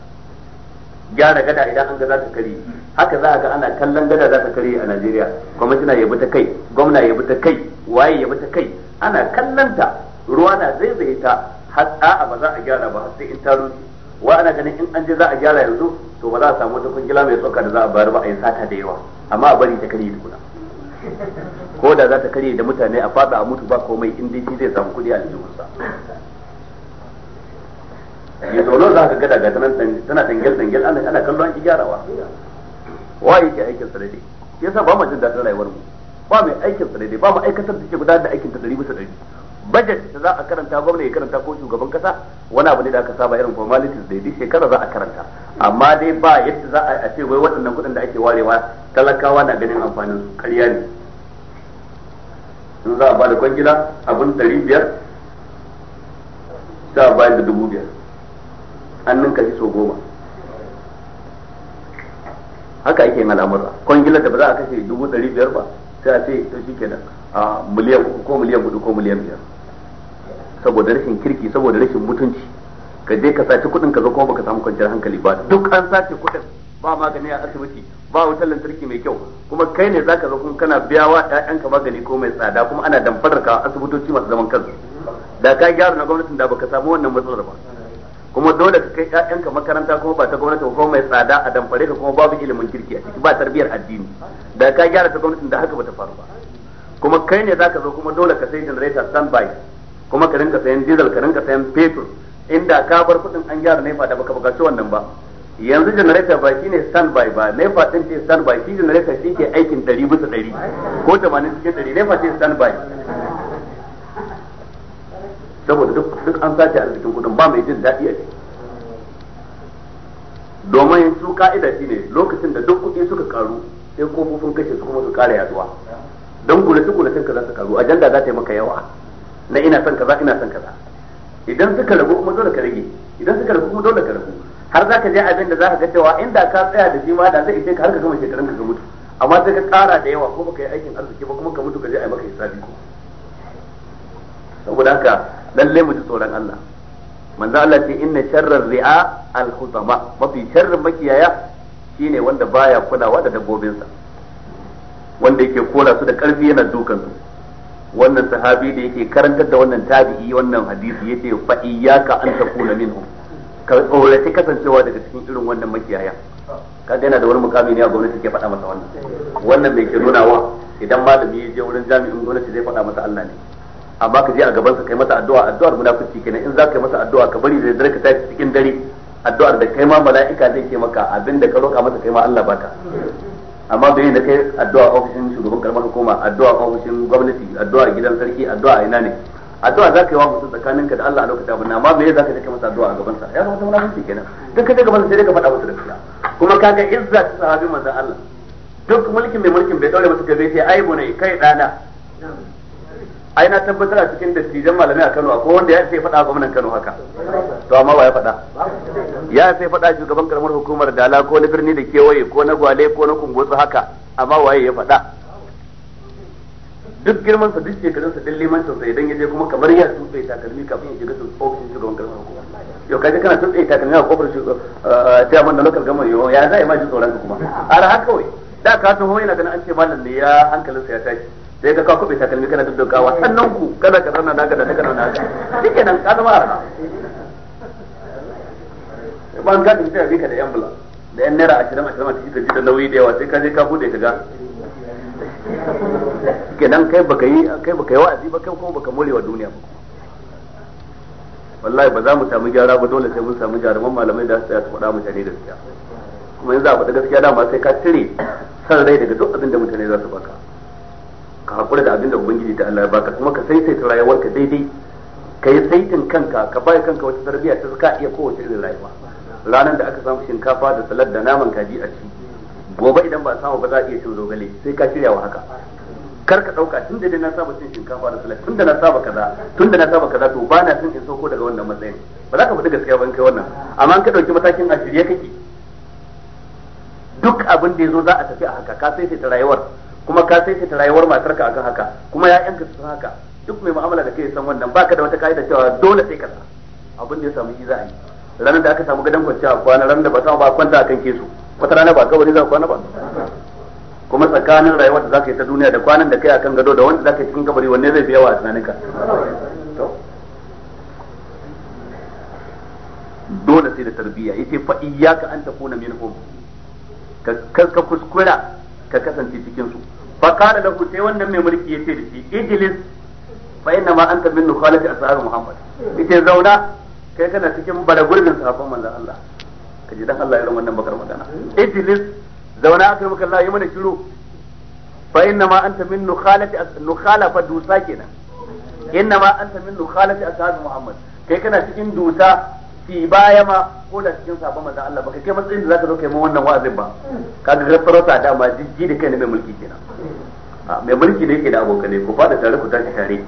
gyara gada idan an ga za ta kare haka za a ga ana kallon gada za ta kare a Najeriya kwamishina ya bi ta kai gwamna ya ta kai waye ya ta kai ana kallon ta ruwa na zaizaye ta har a'a ba za a gyara ba sai in ta rufe wa ana ganin in an je za a gyara yanzu to ba za a samu wata kungila mai tsoka da za a bayar ba a yi sata da yawa amma a bari ta kare tukuna ko da za ta kare da mutane a fada a mutu ba komai in dai zai samu kuɗi a aljihunsa ya zaune za ka gada gata nan tana tangal tangal ana ana kallon an ki gyarawa wa yake aikin sa daidai yasa ba mu jin daɗin rayuwar mu ba mai aikin sa daidai ba mu aikatar da ke gudanar da aikin ta dari bisa dari budget da za a karanta gwamnati ya karanta ko shugaban kasa wani abu ne da aka saba irin formalities daidai duk shekara za a karanta amma dai ba yadda za a ce wai waɗannan kuɗin da ake warewa talakawa na ganin amfanin su ƙarya ne sun za a ba da kwangila abin ɗari biyar sai a bayar da dubu biyar an ka shi so goma haka ake yin al'amura kwangilar da ba za a kashe dubu ɗari biyar ba sai a ce ta shi nan a miliyan uku ko miliyan hudu ko miliyan biyar saboda rashin kirki saboda rashin mutunci ka je ka sace kuɗin ka zo kuma baka samu kwanciyar hankali ba duk an sace kuɗin ba magani a asibiti ba wutar lantarki mai kyau kuma kai ne zaka zo kuma kana biya wa ƴaƴanka magani ko mai tsada kuma ana damfarar ka asibitoci masu zaman kansu da ka gyara na gwamnatin da baka samu wannan matsalar ba kuma dole ka kai ƴaƴanka makaranta kuma ba ta gwamnati ko mai tsada a damfare ka kuma babu ilimin kirki a ciki ba tarbiyyar addini da ka gyara ta gwamnatin da haka bata faru ba kuma kai ne zaka zo kuma dole ka sai generator standby kuma ka rinka sayan diesel ka rinka sayan petrol inda ka bar kuɗin an gyara nefa da baka bukaci wannan ba yanzu generator ba shine standby ba nefa din ce standby shi generator shi ke aikin 100 bisa 100 ko 80 cikin 100 nefa ce standby saboda duk duk an sace arzikin kudin ba mai jin daɗi a ciki domin su ka'ida shi ne lokacin da duk kuɗi suka karu sai kofofin kashe su kuma su ƙara yaduwa don gulace gulacen ka za su karu ajanda za ta yi maka yawa na ina son kaza ina son kaza idan suka rabu kuma dole ka rage idan suka rabu kuma dole ka rabu har za ka je abin da za ka ga cewa inda ka tsaya da shi ma da zai ishe ka har ka gama shekarun ka mutu amma sai ka kara da yawa ko ka yi aikin arziki ba kuma ka mutu ka je a yi maka hisabi ko saboda haka lalle mu ji tsoron Allah manzo Allah ce inna sharrar ri'a al-hutama mafi sharrin makiyaya shine wanda baya kulawa da dabbobinsa wanda yake kora su da karfi yana dukan su wannan sahabi da yake karantar da wannan tabi'i wannan hadisi yace fa iyyaka an takuna minhu ka tsorace kasancewa daga cikin irin wannan makiyaya ka yana da wani mukami ne a gwamnati ke faɗa masa wannan wannan bai ke nuna wa idan malami ya je wurin jami'in gwamnati zai faɗa masa Allah ne amma ka je a gaban sa kai masa addu'a addu'ar munafiki kenan in za ka yi masa addu'a ka bari zai ka tashi cikin dare addu'ar da kai ma mala'ika zai ce maka abinda ka roƙa masa kai ma Allah baka amma bai da kai addu'a ofishin shugaban karamar hukuma addu'a ofishin gwamnati addu'a gidan sarki addu'a ina ne addu'a za ka yi wa mutum tsakaninka da Allah a lokacin abin amma me za ka je masa addu'a a gaban sa ya zama munafiki kenan duk ka je gaban sa sai ka faɗa masa gaskiya kuma ka ga izza ta sahabi manzon Allah duk mulkin mai mulkin bai daure masa kai sai ai bune kai dana ai na tabbatar a cikin dattijan malamai a Kano akwai wanda ya sai faɗa gwamnan Kano haka to amma wa ya faɗa ya sai faɗa shugaban karamar hukumar Dala ko na birni da kewaye ko na Gwale ko na Kumbotsu haka amma waye ya faɗa duk girman sa duk shekarun sa din limancin sa idan yaje kuma kamar ya tsufe takalmi kafin ya shiga ofishin shugaban karamar hukumar yau kaje kana tsufe takalmi a kofar shugaban eh, chairman na local government yau ya za yi ma ji tsoron ka kuma ara haka wai da ka wani yana ganin an ce malam ne ya hankalinsa ya tashi sai ka kawo takalmi kana duddukawa sannan ku kada ka zauna naka da naka naka shike nan ka zama arna ban ka dinta bi ka da yan bula da yan naira 20 20 a cikin da nauyi da yawa sai ka je ka bude ka ga shike nan kai baka yi kai baka yi wa'azi ba kai kuma baka morewa duniya ba wallahi ba za mu samu gyara ba dole sai mun samu jaruman malamai da su tsaya su faɗa mu shari'a gaskiya kuma yanzu a faɗa gaskiya dama sai ka cire san rai daga duk abin da mutane za su baka ka haƙura da abinda ubangiji da Allah ya baka kuma ka saisaita rayuwarka daidai ka yi saitin kanka ka bai kanka wata tarbiyya ta ka iya kowace irin rayuwa ranar da aka samu shinkafa da salad da naman kaji a ci gobe idan ba samu ba za a iya cin zogale sai ka shirya wa haka kar ka dauka tunda dai na saba cin shinkafa da tun tunda na saba kaza tunda na saba kaza to ba na cin in sauko daga wannan matsayin ba za ka faɗi gaskiya ba in kai wannan amma an ka dauki matakin a shirye kake duk abin da ya zo za a tafi a haka ka sai ta rayuwar kuma ka sai ta rayuwar ka akan haka kuma ya yanka su haka duk mai mu'amala da kai san wannan baka da wata kaida cewa dole sai kaza abin da ya samu yi za a yi ranar da aka samu gadon kwanci a kwana ranar da ba samu ba kwanta akan kesu wata rana ba kawai za kwana ba kuma tsakanin rayuwar da za ka yi ta duniya da kwanan da kai akan gado da wanda za ka yi cikin kabari wanne zai fi yawa a ka dole sai da tarbiyya yace fa iyyaka an takuna minhum ka ka kuskura ka kasance cikin su fa qala lahu sai wannan mai mulki yace da shi ijlis fa inna ma anta min nukhalati asrar muhammad yace zauna kai kana cikin baragurbin sahabban manzon Allah ka ji dan wannan bakar magana ijlis zauna akai maka Allah yi mana shiru fa inna ma anta min nukhalati nukhalafa dusa kenan inna min muhammad kai kana cikin dusa ci baya ma ko da cikin sabon manzon Allah baka kai matsayin da zaka zo kai mu wannan wa'azin ba kaga gafarota da ma jiji da kai ne mai mulki kenan mai mulki ne yake da abokane ku fada tare ku tashi tare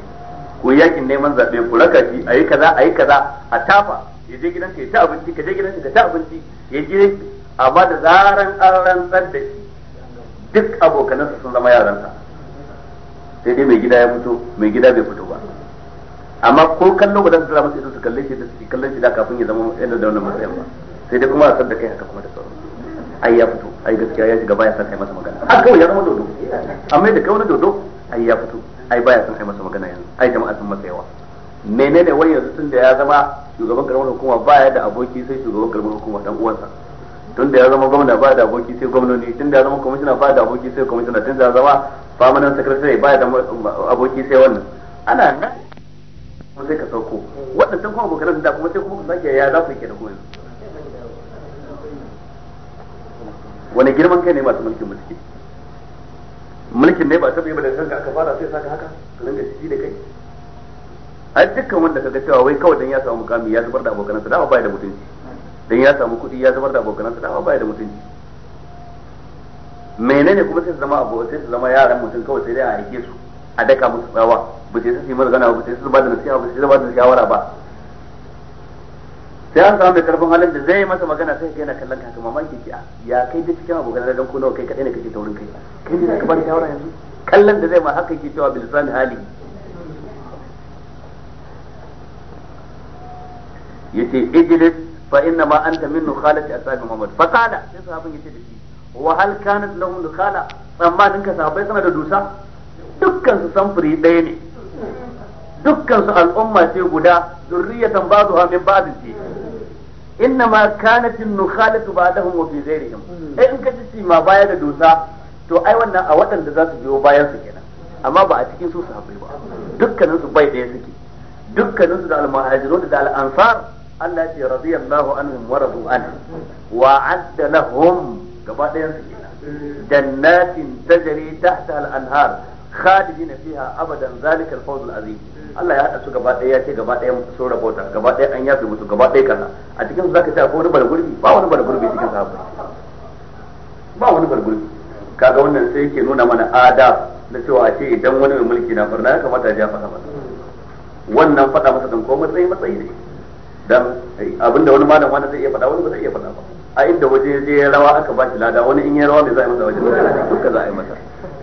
ku yakin neman zabe ku raka shi ayi kaza ayi kaza a tafa ya je gidanka ya ta abinci ka je gidanka ka ta abinci ya je amma da zaran an rantsar da shi duk abokanansa sun zama yaransa sai dai mai gida ya fito mai gida bai fito amma ko kallo ba za su tsara masa ido su kalle shi da suke kallon shi da kafin ya zama yadda da wannan matsayin ba sai dai kuma a san da kai haka kuma da sauran ai ya fito ai gaskiya ya shiga baya san kai masa magana har kawai ya zama dodo amma da wani dodo ai ya fito ai baya san kai masa magana yanzu ai jama'a sun masa yawa menene wai yanzu tun da ya zama shugaban karamar hukuma baya da aboki sai shugaban karamar hukuma dan uwansa tun da ya zama gwamna ba da aboki sai gwamnoni tun da ya zama kwamishina ba da aboki sai kwamishina tun da ya zama famanan sakatare ba da aboki sai wannan ana kuma sai ka sauko waɗannan kuma abokan da kuma sai kuma ku sake ya za ku yi da koyi wani girman kai ne masu mulkin mulki mulkin ne ba ta bai ba san ka aka fara sai saka haka ka ringa shi da kai ai dukkan wanda kaga cewa wai kawai dan ya samu mukami ya zubar da abokan sa dama baya da mutunci dan ya samu kuɗi ya zubar da abokan sa dama baya da mutunci menene kuma sai su zama abu sai su zama yaran mutum kawai sai dai a aike su a daka musu tsawa ba ce su yi magana ba ce su ba da nasiha ba ce su ba da shawara ba sai an samu mai karfin halin da zai masa magana sai yana kallon ka mamaki ki ya kai da cikin abokan da dan kuna kai kadai ne kake taurin kai kai ne ka ba da shawara yanzu kallon da zai ma haka yake cewa bilisan hali yace ijlis fa inna ma anta min nukhalati ashabi muhammad fa qala sai sahabin yace da shi wa hal kanat lahum nukhala tsammanin ka sahabbai suna da dusa dukkan su samfuri ɗaya ne Dukkansu al'umma ce guda zurriyatan ba'dha min ba'd ce inna ma kanat an-nukhalatu ba'dahum wa fi ghayrihim eh in ka ci ma baya da dusa to ai wannan a waɗanda za su biyo bayan su kenan amma ba a cikin su sahabbai ba dukkanin su bai ɗaya suke dukkanin su da al-muhajirun da al-ansar Allah ce radiyallahu anhum wa radu anhu wa adda lahum gaba ɗayan su kenan jannatin tajri tahta al-anhar khalidina fiha abadan zalika al-fawz al-azim Allah ya hada su gaba ɗaya ya ce gaba ɗaya sun rabota gaba ɗaya an yafe musu gaba ɗaya kaza a cikin su zaka ce akwai wani bar gurbi ba wani bar gurbi cikin sahabbai ba wani bar gurbi kaga wannan sai yake nuna mana ada na cewa a ce idan wani mai mulki na farna ya kamata ya faɗa masa wannan faɗa masa dan ko matsayi matsayi ne dan eh, abinda wani malam wani zai iya faɗa wani ba zai iya faɗa ba a inda waje je ya rawa aka ba shi lada wani in ya rawa mai za a yi masa waje duka za a yi masa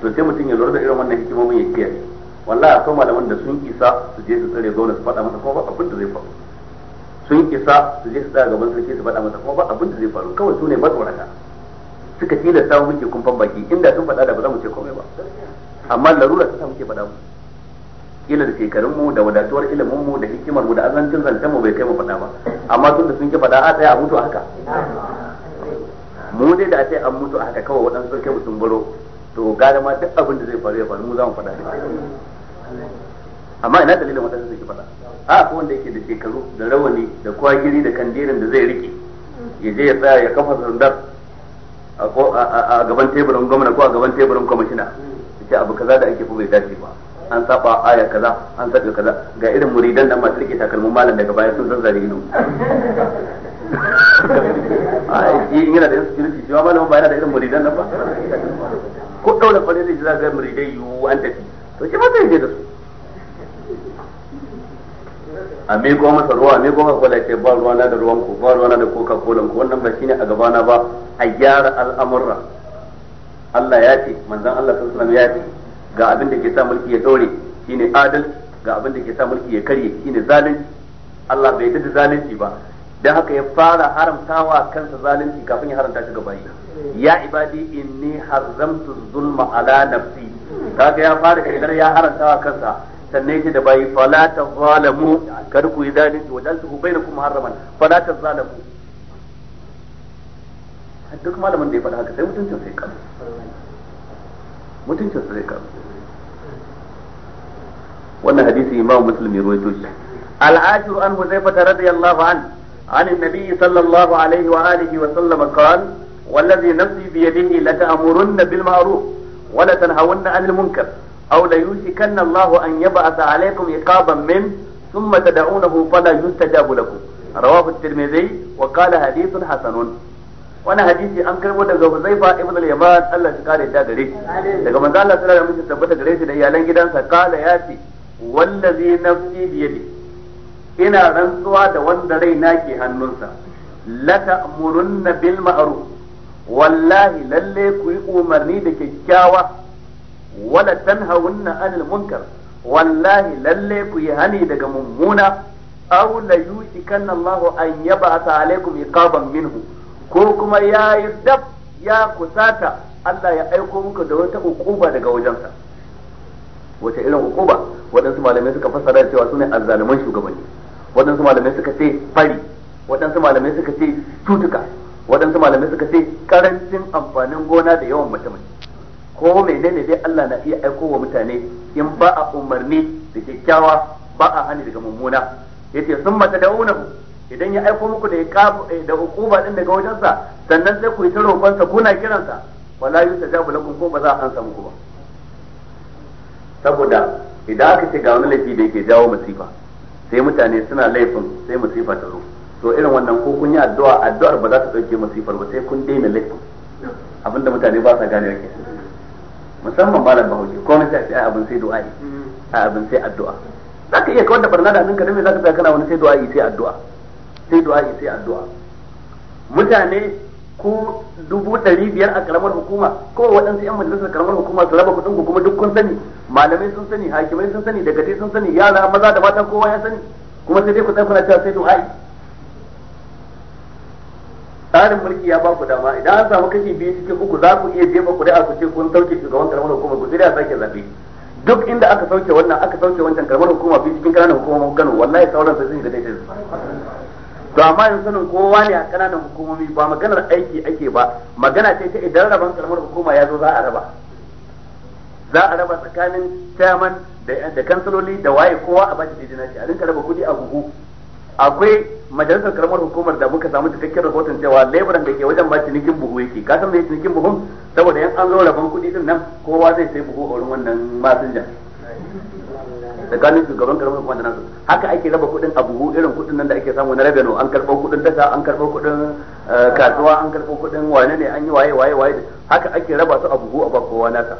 to sai mutum ya lura da irin wannan hikimomin ya kiyaye wallahi akwai malaman da sun isa su je su tsare gwamnati su faɗa masa kuma ba abin da zai faru sun isa su je su tsaya gaban sarki su faɗa masa kuma ba abin da zai faru kawai su ne matsorata suka tilasta mu muke kumfan baki inda sun faɗa da ba za mu ce komai ba amma larura ta muke faɗa mu kila da shekarun mu da wadatuwar ilimin mu da hikimar mu da azancin zancen mu bai kai mu faɗa ba amma tun da sun ki faɗa a tsaya a mutu haka mu dai da a ce an mutu haka kawai waɗansu sun kai mu sun baro to gara ma duk abin da zai faru ya faru mu za mu faɗa amma ina dalilin wadannan suke faɗa a ko wanda yake da shekaru da rawani da kwagiri da kandirin da zai rike ya je ya tsaya ya kafa sandar a gaban teburin gwamna ko a gaban teburin kwamishina ce abu kaza da ake bai dace ba an saba aya kaza an saba kaza ga irin muridan nan masu rike takalmin malam daga baya sun zanzare ido a yi yana da yansu malamin ba yana da irin muridan nan ba ko daula kwarai zai ji zaga muridai yiwu an tafi to shi zai je da su a me ko masa ruwa me ko masa ce ba ruwa na da ruwan ku ba ruwa na da coca cola ku wannan ba shine a gabana ba a gyara al'amurra Allah ya ce manzon Allah sallallahu alaihi wasallam ya ce ga abin da ke sa mulki ya dore shine adalci ga abin da ke sa mulki ya karye shine zalunci Allah bai yarda zalunci ba dan haka ya fara haramtawa kansa zalunci kafin ya haramta shi gaba bayi ya ibadi inni haramtu zulma ala nafsi kaga ya fara kaidar ya haranta wa kansa sannan shi da bai fala ta zalamu kar ku yi zalunci wa dalsu kuma muharraman fala ta zalamu duk malamin da ya faɗa haka sai mutuncin sai kan mutuncin sai kan wannan hadisi imamu muslim ya rawaito shi al-ashir an huzaifah radiyallahu anhu عن النبي صلى الله عليه وآله وسلم قال والذي نفسي بيده لتأمرن بالمعروف wala tanhawunna na munkar aw la yushikanna Allahu an yab'atha ya iqaban min thumma tad'unahu fala yustajabu lakum rawahu at-tirmidhi wa qala hadithun hasanun wani hadisi an karbo daga Huzaifa ibn Allah ya kare da gare daga manzo Allah sallallahu alaihi wasallam tabbata gare shi da iyalan gidansa kala ya ce wallazi nafsi bi yadi ina rantsuwa da wanda rai na ke hannunsa Lata ta'murunna bil ma'ruf wallahi lalle ku yi umarni da kyakkyawa wala tanhawunna anil munkar wallahi lalle ku yi hani daga mummuna aw la yutikanna Allahu an yab'atha alaykum iqaban minhu ko kuma ya yi dab ya kusata Allah ya aiko muku da wata ukuba daga wajensa wace irin ukuba waɗansu malamai suka fassara cewa sune azzaluman shugabanni waɗansu malamai suka ce fari waɗansu malamai suka ce cutuka waɗansu malamai suka ce karancin amfanin gona da yawan mace ko menene dai Allah na iya aiko wa mutane in ba a umarni da kyakkyawa ba a hani daga mummuna yace sun mata da'unahu idan ya aiko muku da eh, da hukuma din daga wajensa sannan sai ku yi ta roƙonsa kuna kiransa wala da lakum ko ba za a ansa muku ba saboda idan aka ce ga wani laifi da yake jawo masifa sai mutane suna laifin sai masifa ta zo to irin wannan ko kun yi addu'a addu'ar ba za ta dauke masifar ba sai kun daina laifin abinda mutane ba sa gane yake musamman malam bahaushe ko na sai a abin sai du'a mm. a abin sai addu'a zaka iya kawar da barna da annanka dame me zaka tsaya kana wani sai du'a sai addu'a sai du'a sai addu'a mutane ko dubu ɗari biyar a karamar hukuma ko waɗansu 'yan majalisar karamar hukuma su raba kuɗin ku kuma duk kun sani malamai sun sani hakimai sun sani dagatai sun sani yara maza da mata kowa ya sani kuma sai dai ku tsaya kuna cewa sai yi. tsarin mulki ya ba ku dama idan an samu kashi biyu cikin uku za ku iya jefa kuri'a ku ce kun sauke shugaban karamar hukuma ku sai sake zabe duk inda aka sauke wannan aka sauke wancan karamar hukuma biyu cikin kananan hukumomin Kano wallahi sauran sai sun da daidai to amma yanzu sanin kowa ne a kananan hukumomi ba maganar aiki ake ba magana ce ta idan raban karamar hukuma ya zo za a raba za a raba tsakanin chairman da kansaloli da waye kowa a bashi daidai nashi a rinka raba kudi a gugu akwai majalisar karamar hukumar da muka samu cikakken rahoton cewa leburan da ke wajen ba cinikin buhu yake ka san mai cinikin buhun saboda yan an zo rabon kuɗi din nan kowa zai sai buhu a wurin wannan masinja tsakanin shugaban karamar hukumar da nasu haka ake raba kuɗin a buhu irin kuɗin nan da ake samu na rabeno an karɓo kuɗin dasa an karɓo kuɗin eh, kasuwa an karɓo kuɗin wane ne an yi waye waye waye haka ake raba su a buhu a ba kowa nasa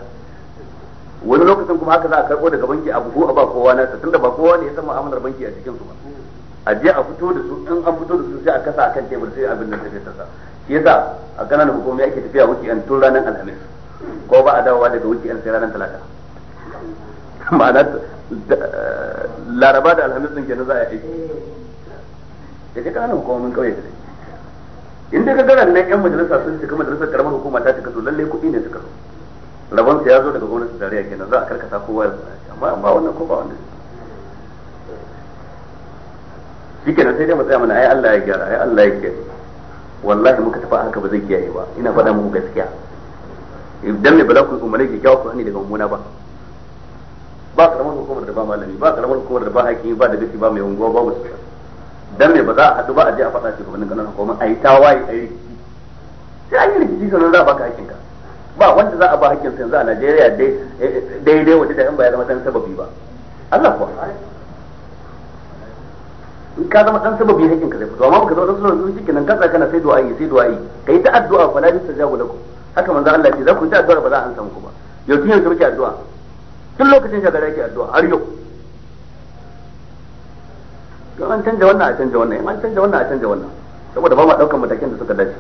wani lokacin kuma haka za a karɓo daga banki a buhu a ba kowa nasa tunda ba kowa ne ya san mu'amalar banki a cikin su ba a je a fito da su in an fito da su sai a kasa akan tebur sai abin da ta sa shi yasa a kananan hukumomi ake tafiya wuki an tun ranar alhamis ko ba a dawowa daga wuki an sai ranar talata ma'ana eh, laraba da alhamis din kenan za a yi da dai kananan hukumomin kauye da in dai gagarar nan yan majalisa sun shiga majalisar karamar hukuma ta cika to lalle kuɗi ne suka zo rabon sa ya zo daga gwamnatin tarayya kenan za a karkata kowa ya amma ba wannan ko ba wannan na sai dai mu tsaya mana ai Allah ya gyara ai Allah ya kiyaye wallahi muka tafi haka ba zai kiyaye ba ina faɗa muku gaskiya idan mai bala ku umarai ke kyawu hani daga mummuna ba ba karamar hukumar da ba malami ba karamar hukumar da ba hakimi ba da gaci ba mai unguwa ba musu dan mai ba za a haɗu ba a je a faɗa shi gabanin ganin hukumar ai tawaye ai sai an yi rikici sanan za a baka hakkinka ba wanda za a ba hakkin sa yanzu a Najeriya eh, eh, daidai wajen da in ba ya zama dan sababi ba Allah kuwa in ka zama dan sababi hakkin ka zai fito amma baka zama dan sababi shi kenan kasa kana sai yi. sai yi kai ta addu'a fa la yustajabu lakum haka manzo Allah ce za ku yi ta addu'a ba za a an ku ba yau tun yanzu muke addu'a tun lokacin shagara yake addu'a har yau to an canja wannan a canja wannan an canja wannan a canja wannan saboda ba ma daukan matakin da suka dace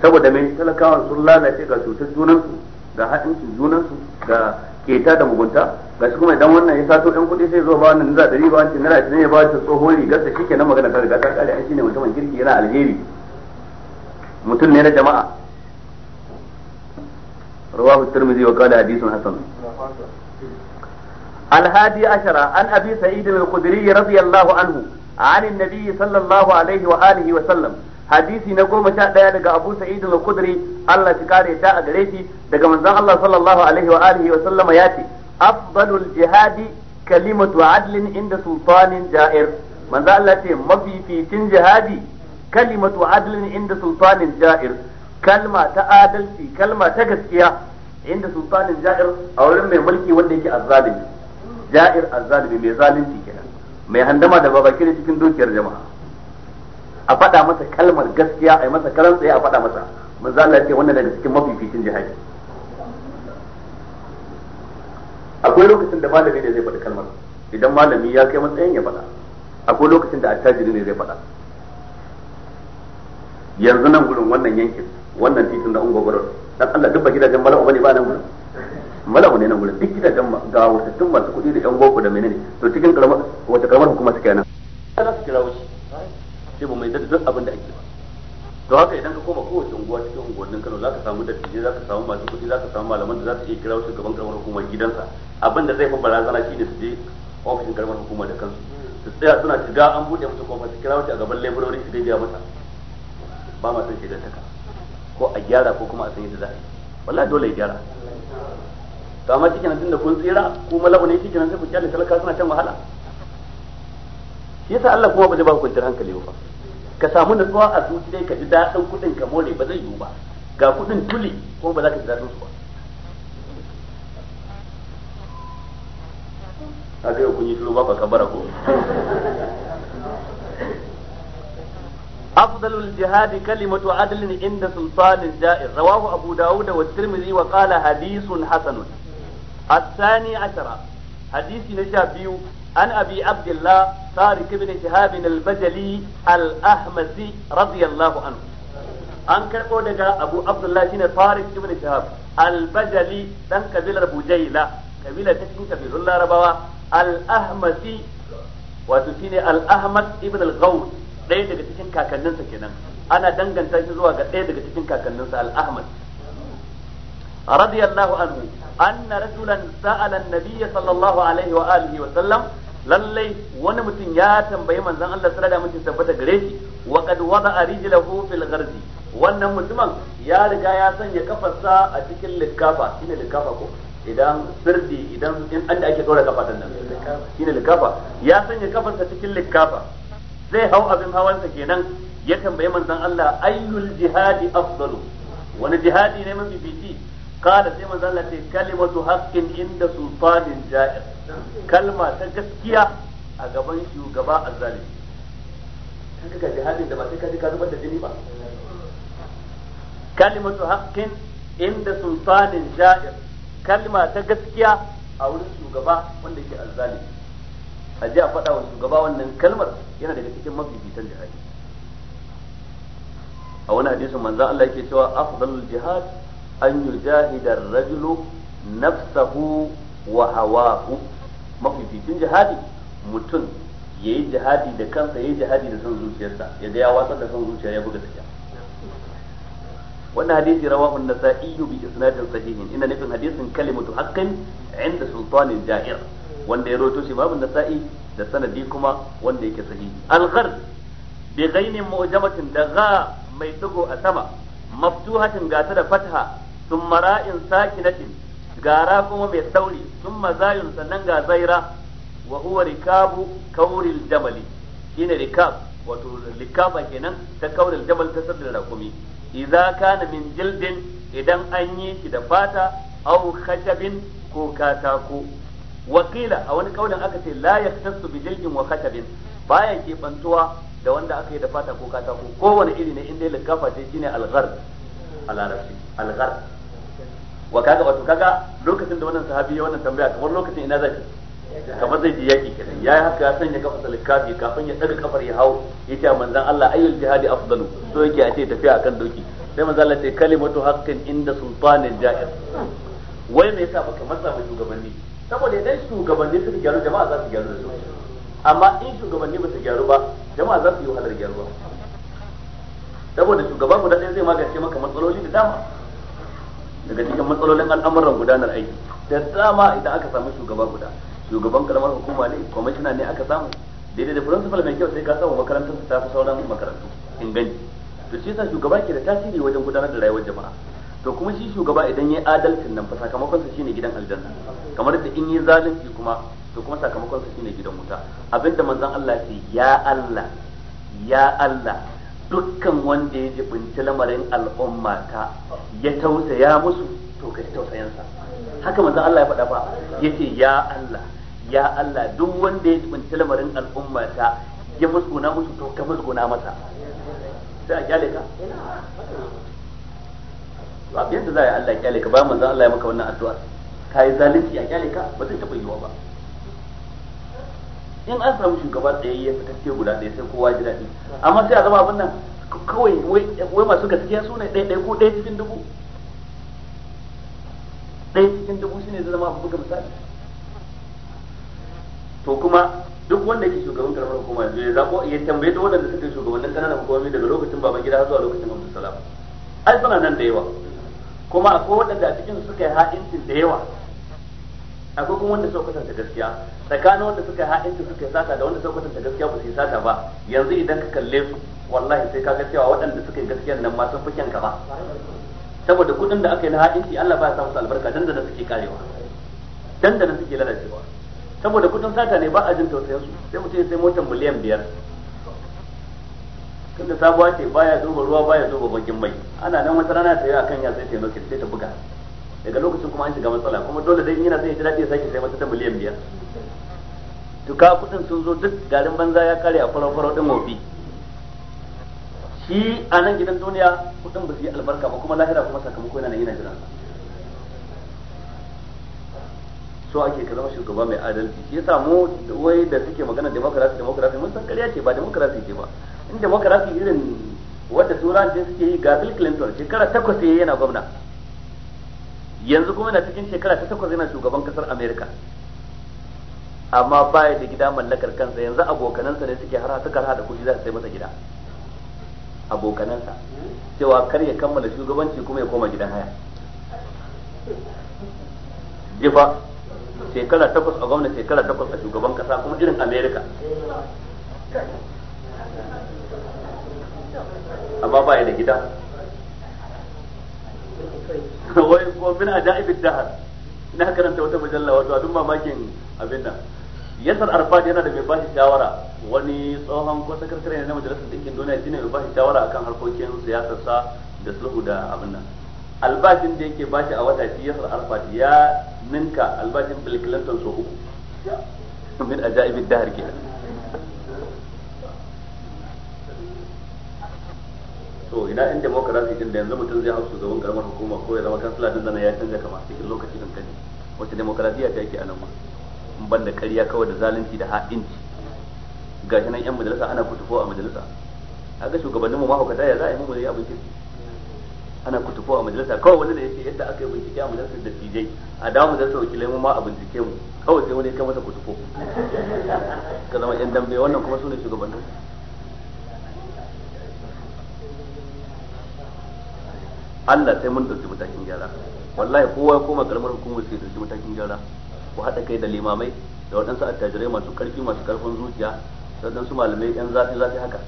saboda mai talakawan sun lalace ga cutar junansu ga haɗin junansu ga keta da mugunta ga shi kuma idan wannan ya sato ɗan kuɗi sai zo ba wannan naira ɗari ba wancan naira ashirin ya ba wancan tsohon riga ta shi kenan magana ta riga ta ƙare an shi ne mutumin kirki yana alheri mutum ne na jama'a رواه الترمذي وقال حديث حسن الهادي عشر عن أبي سعيد الخدري رضي الله عنه عن النبي صلى الله عليه وآله وسلم hadisi na goma sha ɗaya daga Abu Sa'idu na Kuduri Allah shi kare ta a gare shi daga manzon Allah sallallahu alaihi wa alihi wa sallama ya ce afdalul jihadi kalimatu adlin inda sultanin ja'ir manzon Allah ce mafificin jihadi kalimatu adlin inda sultanin ja'ir kalma ta adalci kalma ta gaskiya inda sultanin ja'ir a wurin mai mulki wanda yake azzalimi ja'ir azzalimi mai zalunci kenan mai handama da babakire cikin dukiyar jama'a a faɗa masa kalmar gaskiya a yi masa karan tsaye a faɗa masa manzo ce wannan daga cikin mafificin jihadi akwai lokacin da malami ne zai faɗi kalmar idan malami ya kai matsayin ya faɗa akwai lokacin da attajiri ne zai faɗa yanzu nan gurin wannan yankin wannan titin da ungwagwarar dan Allah duk ba gidajen malamu bane ba nan gurin malamu ne nan gurin duk gidajen ga wasu masu kuɗi da yan boko da menene to cikin karamar wata karamar hukuma suke nan mai da duk abin da ake ba to haka idan ka koma kowace unguwa cikin unguwannin Kano zaka samu dattijai zaka samu masu kuɗi zaka samu malaman da za su iya kira gaban karamar hukumar gidansa abin da zai fi barazana shine su je ofishin karamar hukuma da kansu su tsaya suna shiga an buɗe musu kofa su kira a gaban laifurori su biya mata ba ma san shigar taka ko a gyara ko kuma a san yadda za a yi wallahi dole ya gyara to amma cikin tunda kun tsira ko malabu ne cikin sai ku kyale talaka suna can wahala shi yasa Allah kuma ba zai ba ku kwanciyar hankali ba ka samu nutsuwa a zuci dai ka ji daɗin kuɗin ka more ba zai yiwu ba ga kuɗin tuli ko ba za ka ji daɗin su ba a ga kun yi shiru ba ka kabara ko أفضل الجهاد كلمة عدل عند سلطان جائر رواه أبو داود والترمذي وقال حديث حسن الثاني عشر حديث نشابيو عن أبي عبد الله طارق بن شهاب البجلي الأحمسي رضي الله عنه an karɓo daga abu abdullahi shine farin ibn shahab albajali ɗan dan kabilar bujaila kabilar ta cikin kabilun larabawa al-ahmasi wato shine al-ahmad ibn al-ghawd ɗaya daga cikin kakanninsa kenan ana danganta shi zuwa ga ɗaya daga cikin kakanninsa al-ahmad radiyallahu anhu anna rasulan sa'ala an-nabiy sallallahu alaihi wa alihi wa sallam lallai wani mutum ya tambayi manzon Allah sallallahu alaihi wasallam tabbata gare shi wa qad wada'a rijlahu fil gharzi wannan mutumin ya riga ya sanya kafarsa a cikin likafa shine likafa ko idan sirdi idan in an da ake dora kafa nan shine likafa ya sanya kafarsa cikin likafa zai hau abin hawansa kenan ya tambayi manzon Allah ayyul jihadi afdalu wani jihadi ne mafi fiti. قال سيما زالة كلمة حق عند سلطان جائر كلمة تجسكية أقبان شوقباء الظالم kaga ga jihadin da ba sai ka ji ka zubar da jini ba kalimatu haqqin inda sultanin ja'ir kalma ta gaskiya a wurin shugaba wanda ke azzalimi a a faɗa wa shugaba wannan kalmar yana daga cikin mafificin jihadi a wani hadisin manzan Allah yake cewa afdalul jihad an yujahida ar-rajulu nafsahu wa hawahu mafificin jihadi mutum ya yi jihadi da kansa ya yi jihadi da son zuciyarsa ya ga ya watsar da son zuciya ya buga tafiya wannan hadisi rawahu an-nasa'i bi isnadin sahihin ina nufin hadisin kalimatu haqqin inda sultanin ja'ir wanda ya roto shi babu nasa'i da sanadi kuma wanda yake sahihi al-gharz bi ghainin mu'jamatin da gha mai dugo a sama maftuhatin gata da fatha sun mara'in ɗin, gara kuma mai sauri, sun mazayun sannan ga zaira wa huwa rikabu kauril jamali ne rikab wato ke kenan ta kauril jamal ta sadda rakumi ka na min jildin idan an yi shi da fata aw ko katako wakila a wani kaulin aka ce la yaktasu bi jildin wa khashabin baya ke bantuwa da wanda aka yi da fata ko katako kowane iri ne inda likafa ce shine alghar wa kaga wato kaga lokacin da wannan sahabi ya wannan tambaya kamar lokacin ina zai kamar zai ji yaki kenan ya yi haka ya sanya kafa salikafi kafin ya daga kafar ya hau ya ce manzan Allah ayyul jihadi afdalu so yake a ce tafiya akan doki sai manzan Allah ce kalimatu haqqin inda sultanin ja'ir wai me yasa baka matsa mai shugabanni saboda idan shugabanni suka gyaru jama'a za su gyaru da su amma in shugabanni ba su gyaru ba jama'a za su yi wahalar gyaruwa saboda shugaban guda ɗaya zai magance maka matsaloli da dama daga cikin matsalolin al'amuran gudanar aiki da dama idan aka samu shugaba guda shugaban karamar hukuma ne kwamishina ne aka samu daidai da principal mai kyau sai ka samu makarantar ta fi sauran makarantu inganci to shi yasa shugaba ke da tasiri wajen gudanar da rayuwar jama'a to kuma shi shugaba idan yayi adalcin nan fa sakamakon sa shine gidan aljanna kamar da in yi zalunci kuma to kuma sakamakon sa shine gidan wuta abinda manzon Allah ya ce ya Allah ya Allah dukkan wanda ya jibinci lamarin al'umma ta ya tausaya musu to ka tausayansa haka manzo Allah ya faɗa ba yace ya Allah ya Allah duk wanda ya jibinci lamarin al'umma ta ya musguna musu to ka musguna masa sai a kyale ka da za a yi Allah ya kyale ka ba manzo Allah ya maka wannan addu'a kai zalunci a kyale ka ba zai taɓa yiwa ba in an samu shugaba tsayayye fitacce guda ɗaya sai kowa ji daɗi amma sai a zama abin nan kawai wai masu gaskiya su ne ɗaya ko ɗaya cikin dubu ɗaya cikin dubu shine zai zama abubuwan misali to kuma duk wanda yake shugaban karamar hukuma ya zaɓo ya tambaye da waɗanda suka shugabannin kananan hukumomi daga lokacin baban gida zuwa lokacin abu Salam ai suna nan da yawa kuma akwai waɗanda a cikin suka yi haɗin da yawa akwai kuma wanda suka kwatanta gaskiya tsakanin wanda suka su suka sata da wanda suka kwatanta gaskiya ba su yi sata ba yanzu idan ka kalle wallahi sai ka ga cewa waɗanda suka yi gaskiya nan ma sun fi kyan ba saboda kuɗin da aka yi na ha'inci Allah ba ya sa musu albarka dandana suke karewa dandana suke lalacewa saboda kuɗin sata ne ba a jin tausayin su sai mutum ya sai motar miliyan biyar da sabuwa ce baya zuba ruwa baya zuba bakin mai ana nan wata rana ta yi akan ya sai taimake sai ta buga daga lokacin kuma an shiga matsala kuma dole dai yana sai ya ji ya sake sai mata ta miliyan biyar to ka kuɗin sun zo duk garin banza ya kare a farau-farau ɗin wofi shi a nan gidan duniya kudin ba su yi albarka ba kuma lahira kuma sakamako yana nan yana jiran so ake ka zama shugaba mai adalci shi yasa mu wai da suke magana demokrasi demokrasi mun san karya ce ba demokrasi ce ba in demokrasi irin wadda turanci suke yi ga Bill Clinton shekara takwas yana gwamna yanzu kuma yana cikin shekara ta takwas yana shugaban kasar america amma baya da gida mallakar kansa yanzu abokanansa ne suke har suka hada kuɗi za su sai masa gida abokanansa cewa kar ya kammala shugabanci kuma ya koma gidan haya jifa shekara takwas a gwamna shekara takwas a shugaban kasa kuma irin america amma baya da gida wa min ajaib ad ina karanta wata mujalla wato mamakin abin nan yasar arfad yana da mai bashi shawara wani tsohon ko sakatare ne na majalisar dinkin duniya shine mai bashi shawara akan harkokin siyasar sa da sulhu da abin nan albashin da yake bashi a wata shi yasar arfad ya ninka albashin bill clinton so uku min ajaib kenan to ina in demokarasi din da yanzu mutum zai hau shugaban karamar hukuma ko ya zama kansila din zana ya canza kama cikin lokaci kan kani wacce demokarasiya ta yake anan ma ban da kariya kawai da zalunci da haɗinci. gashi nan yan majalisa ana kutufo a majalisa haka shugabannin mu mahaukata ya za a yi mu abin kirki ana kutufo a majalisa kawai wani da yake yadda aka yi bincike a majalisar da tijai a dawo majalisar wakilai mu ma a bincike mu kawai sai wani ya kai masa kutufo ka zama yan dambe wannan kuma su ne shugabannin Allah sai mun dauki matakin gyara wallahi kowa ya koma kalmar hukumar sai dauki matakin gyara ku hada kai da limamai da waɗansu attajirai masu ƙarfi masu ƙarfin zuciya da waɗansu malamai yan zafi zafi haka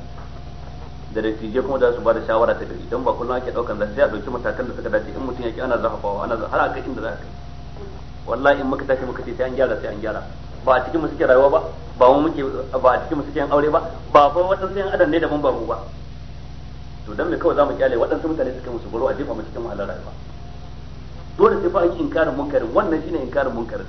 da dattijai kuma za su ba da shawara ta gari don ba kullum ake daukan zafi sai a dauki matakan da suka dace in mutum ya ke ana zafafawa ana har a kai inda za ka kai wallahi in muka tashi muka ce sai an gyara sai an gyara ba a cikin mu suke rayuwa ba ba mu muke ba a cikin mu suke yan aure ba ba fa wata sai yan adam ne daban ba mu ba to dan me kawai zamu kyale waɗansu mutane suka musu baro a jefa mu cikin wahalar rayuwa dole sai fa an yi inkarin munkarin wannan shine inkarin munkarin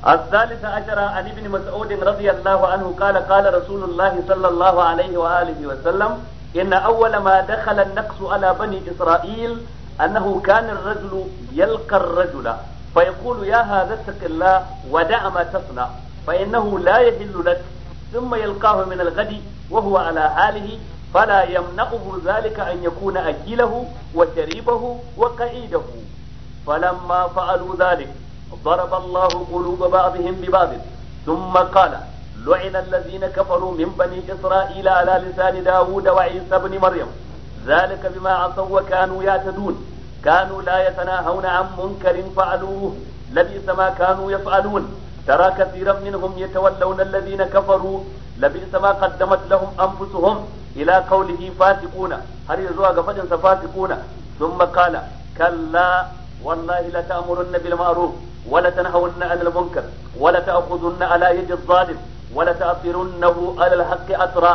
الثالثة عشرة عن ابن مسعود رضي الله عنه قال قال رسول الله صلى الله عليه وآله وسلم إن أول ما دخل النقص على بني إسرائيل أنه كان الرجل يلقى الرجل فيقول يا هذا اتق الله ودع ما تصنع فإنه لا يحل لك ثم يلقاه من الغد وهو على حاله فلا يمنعه ذلك أن يكون أكيله وشريبه وقعيده فلما فعلوا ذلك ضرب الله قلوب بعضهم ببعض ثم قال لعن الذين كفروا من بني إسرائيل على لسان داود وعيسى بن مريم ذلك بما عصوا وكانوا يعتدون كانوا لا يتناهون عن منكر فعلوه لبئس ما كانوا يفعلون ترى كثيرا منهم يتولون الذين كفروا labisa ma qaddamat lahum anfusuhum ila qawlihi fasiquna har ya zuwa ga fadin sa fasiquna thumma qala kalla wallahi la ta'murunna bil ma'ruf wa la tanhawunna 'anil munkar wa la ta'khudunna 'ala yadi adh-dhalim wa la ta'thirunnahu 'ala al-haqqi asra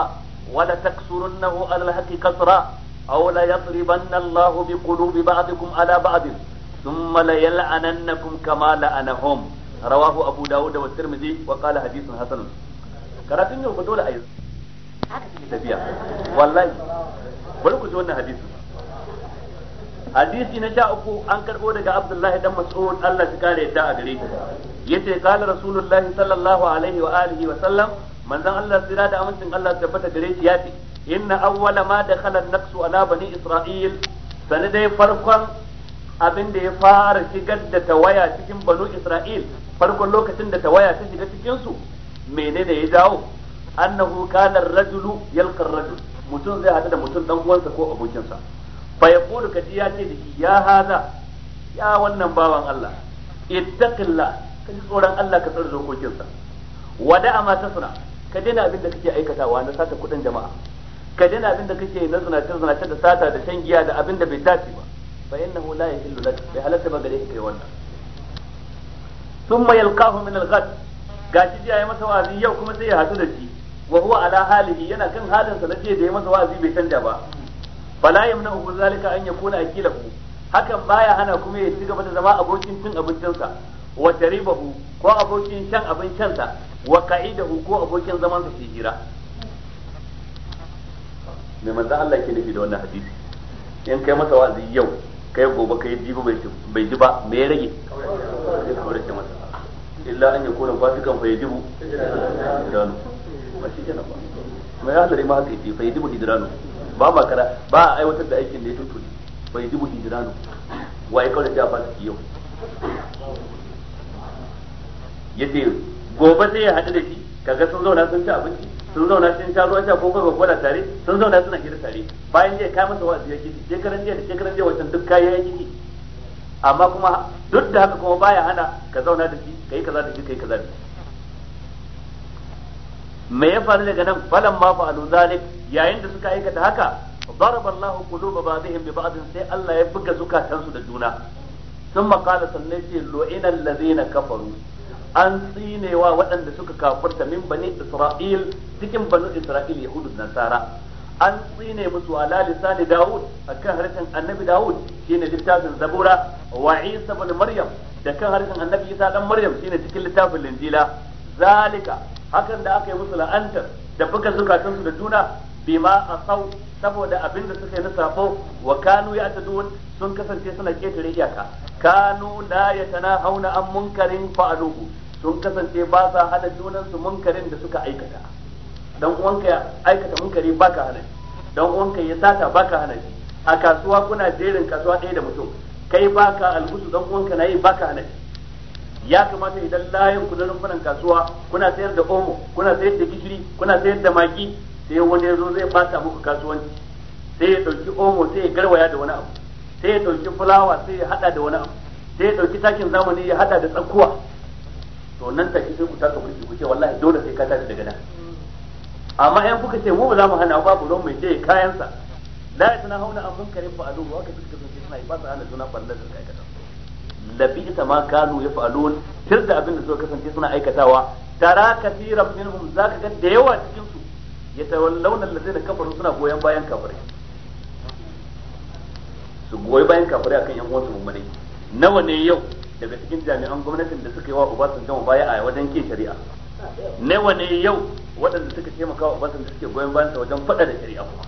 wa la taksurunnahu 'ala al-haqqi kasra aw la yadribanna Allahu bi qulubi ba'dikum 'ala ba'd ثم ليلعننكم كما لعنهم رواه أبو داود والترمذي وقال حديث hasan. karatun yau ba dole a yi tafiya wallahi bari ku ji wannan hadisi hadisi na sha uku an karbo daga abdullahi dan mas'ud Allah shi kare yadda a gare shi yace qala rasulullahi sallallahu alaihi wa alihi wa sallam manzon Allah sira da amincin Allah tabbata gare shi yace inna awwala ma dakhala an-naqsu ala bani isra'il sanadai farkon abin da ya fara shigar da tawaya cikin banu isra'il farkon lokacin da tawaya ta shiga cikin su Mene menene ya jawo annahu kana rajulu yalqa rajul mutum zai hada da mutum dan uwansa ko abokinsa fa yaqulu kaji ya ce da ya hada ya wannan bawan Allah ittaqilla kaji tsoron Allah ka tsare dokokinsa wada ma tasna ka daina abin da kake aikatawa na sata kudin jama'a ka na abin da kake na zinace zinace da sata da shan giya da abin da bai dace ba fa innahu la yahillu lak bai halatta ba gare ka kai wannan thumma yalqahu min al gashi jiya ya masa wa'azi yau kuma sai ya hadu da shi wa huwa ala halihi yana kan halin sa na jiya da ya masa wa'azi bai canja ba Bala fala yamna'u zalika an yakuna akilahu hakan baya hana kuma ya ci gaba da zama abokin cin abincinsa wa taribahu ko abokin shan abincinsa wa ka'idahu ko abokin zaman sa ke hira mai manzo Allah ke nufi da wannan hadisi in kai masa wa'azi yau kai gobe kai jibi bai ji ba me ya rage kawai ya kaurace masa illa an yakuna fasikan fa yajibu mai hadari ma fa yajibu ba kara ba a aiwatar da aikin da yace gobe sai ya haɗu da shi kaga sun zauna sun ci abinci sun zauna sun sha ruwan sha ko kuma tare sun zauna suna hira tare bayan jiya kai masa wa'azi ya kici shekaran jiya da shekaran jiya wancan duk kayan ya amma kuma duk da haka kuma baya hana ka zauna da shi kai kaza da shi kai kaza da me ya faru daga nan falan ma fa'alu zalik yayin da suka aikata haka daraba Allahu quluba ba'dihim bi ba'd sai Allah ya buga zukatansu da juna sun qala sannan ce lu'ina kafaru an tsinewa waɗanda suka kafirta min bani Isra'il cikin bani Isra'il yahudu nasara an tsine musu ala lisani Dawud akan harshen Annabi Dawud shine littafin Zabura wa Isa ibn Maryam da kan harshen Annabi Isa dan Maryam shine cikin littafin Linjila zalika hakan da aka yi musu la'antar da buga zukatansu da juna bima asau saboda abin da suka yi na sabo wa kanu ya tadun sun kasance suna ketare iyaka kanu la hauna an munkarin fa'aluhu sun kasance ba sa hada junansu munkarin da suka aikata dan uwanka ya aikata munkari baka hana shi dan uwanka ya sata baka hana shi a kasuwa kuna jerin kasuwa ɗaya da mutum kai baka albusu dan uwanka na yi baka hana shi ya kamata idan layin ku da rumfunan kasuwa kuna sayar da omo kuna sayar da gishiri kuna sayar da maki sai wani yazo zai bata muku kasuwanci sai ya dauki omo sai ya garwaya da wani abu sai ya dauki fulawa sai ya hada da wani abu sai ya dauki takin zamani ya hada da tsakuwa to nan take sai ku taka burki ku ce wallahi dole sai ka tashi daga nan amma yan kuka ce mu za mu hana babu ruwan mai ce kayansa la ya tana hauna abun kare fa alu wa ka suka kasance suna yi ba su hana juna ballar da aikata labi ita ma kanu ya fa'alu tir da abin da suka kasance suna aikatawa tara kasiran minhum zaka ga da yawa cikin su zai da kafaru suna goyon bayan kafare. su goyi bayan kafare akan yan uwansu mummune nawa ne yau daga cikin jami'an gwamnatin da suka yi wa jama'a baya a wajen ke shari'a nawa ne yau waɗanda suka taimaka wa da suke goyon bayan sa wajen faɗa da shari'a kuma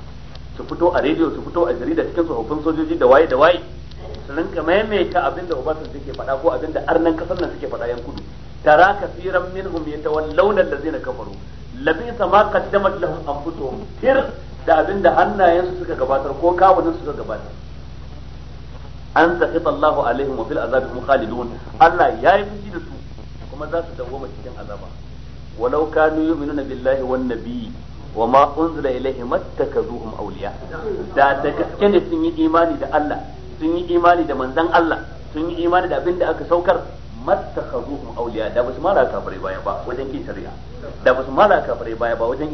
su fito a rediyo su fito a jarida cikin tsofaffin sojoji da waye da waye su rinka maimaita abinda Obasanjo suke faɗa ko abinda arnan kasar nan suke faɗa yan kudu tara kasiran minhum yatawallawna allazina kafaru labisa ma qaddamat lahum anfusuhum tir da abinda hannayensu suka gabatar ko kawunan suka gabatar an sakita Allahu alaihim wa fil azabi hum Allah ya yi fushi da su kuma za su dawoma cikin azaba walau kanu yu'minuna billahi wan nabiyyi wa ma da ne sun yi imani da Allah sun yi imani da Allah sun yi imani da abin da aka saukar mattakazuhum awliya da basu mara baya ba wajen shari'a da basu mara baya ba wajen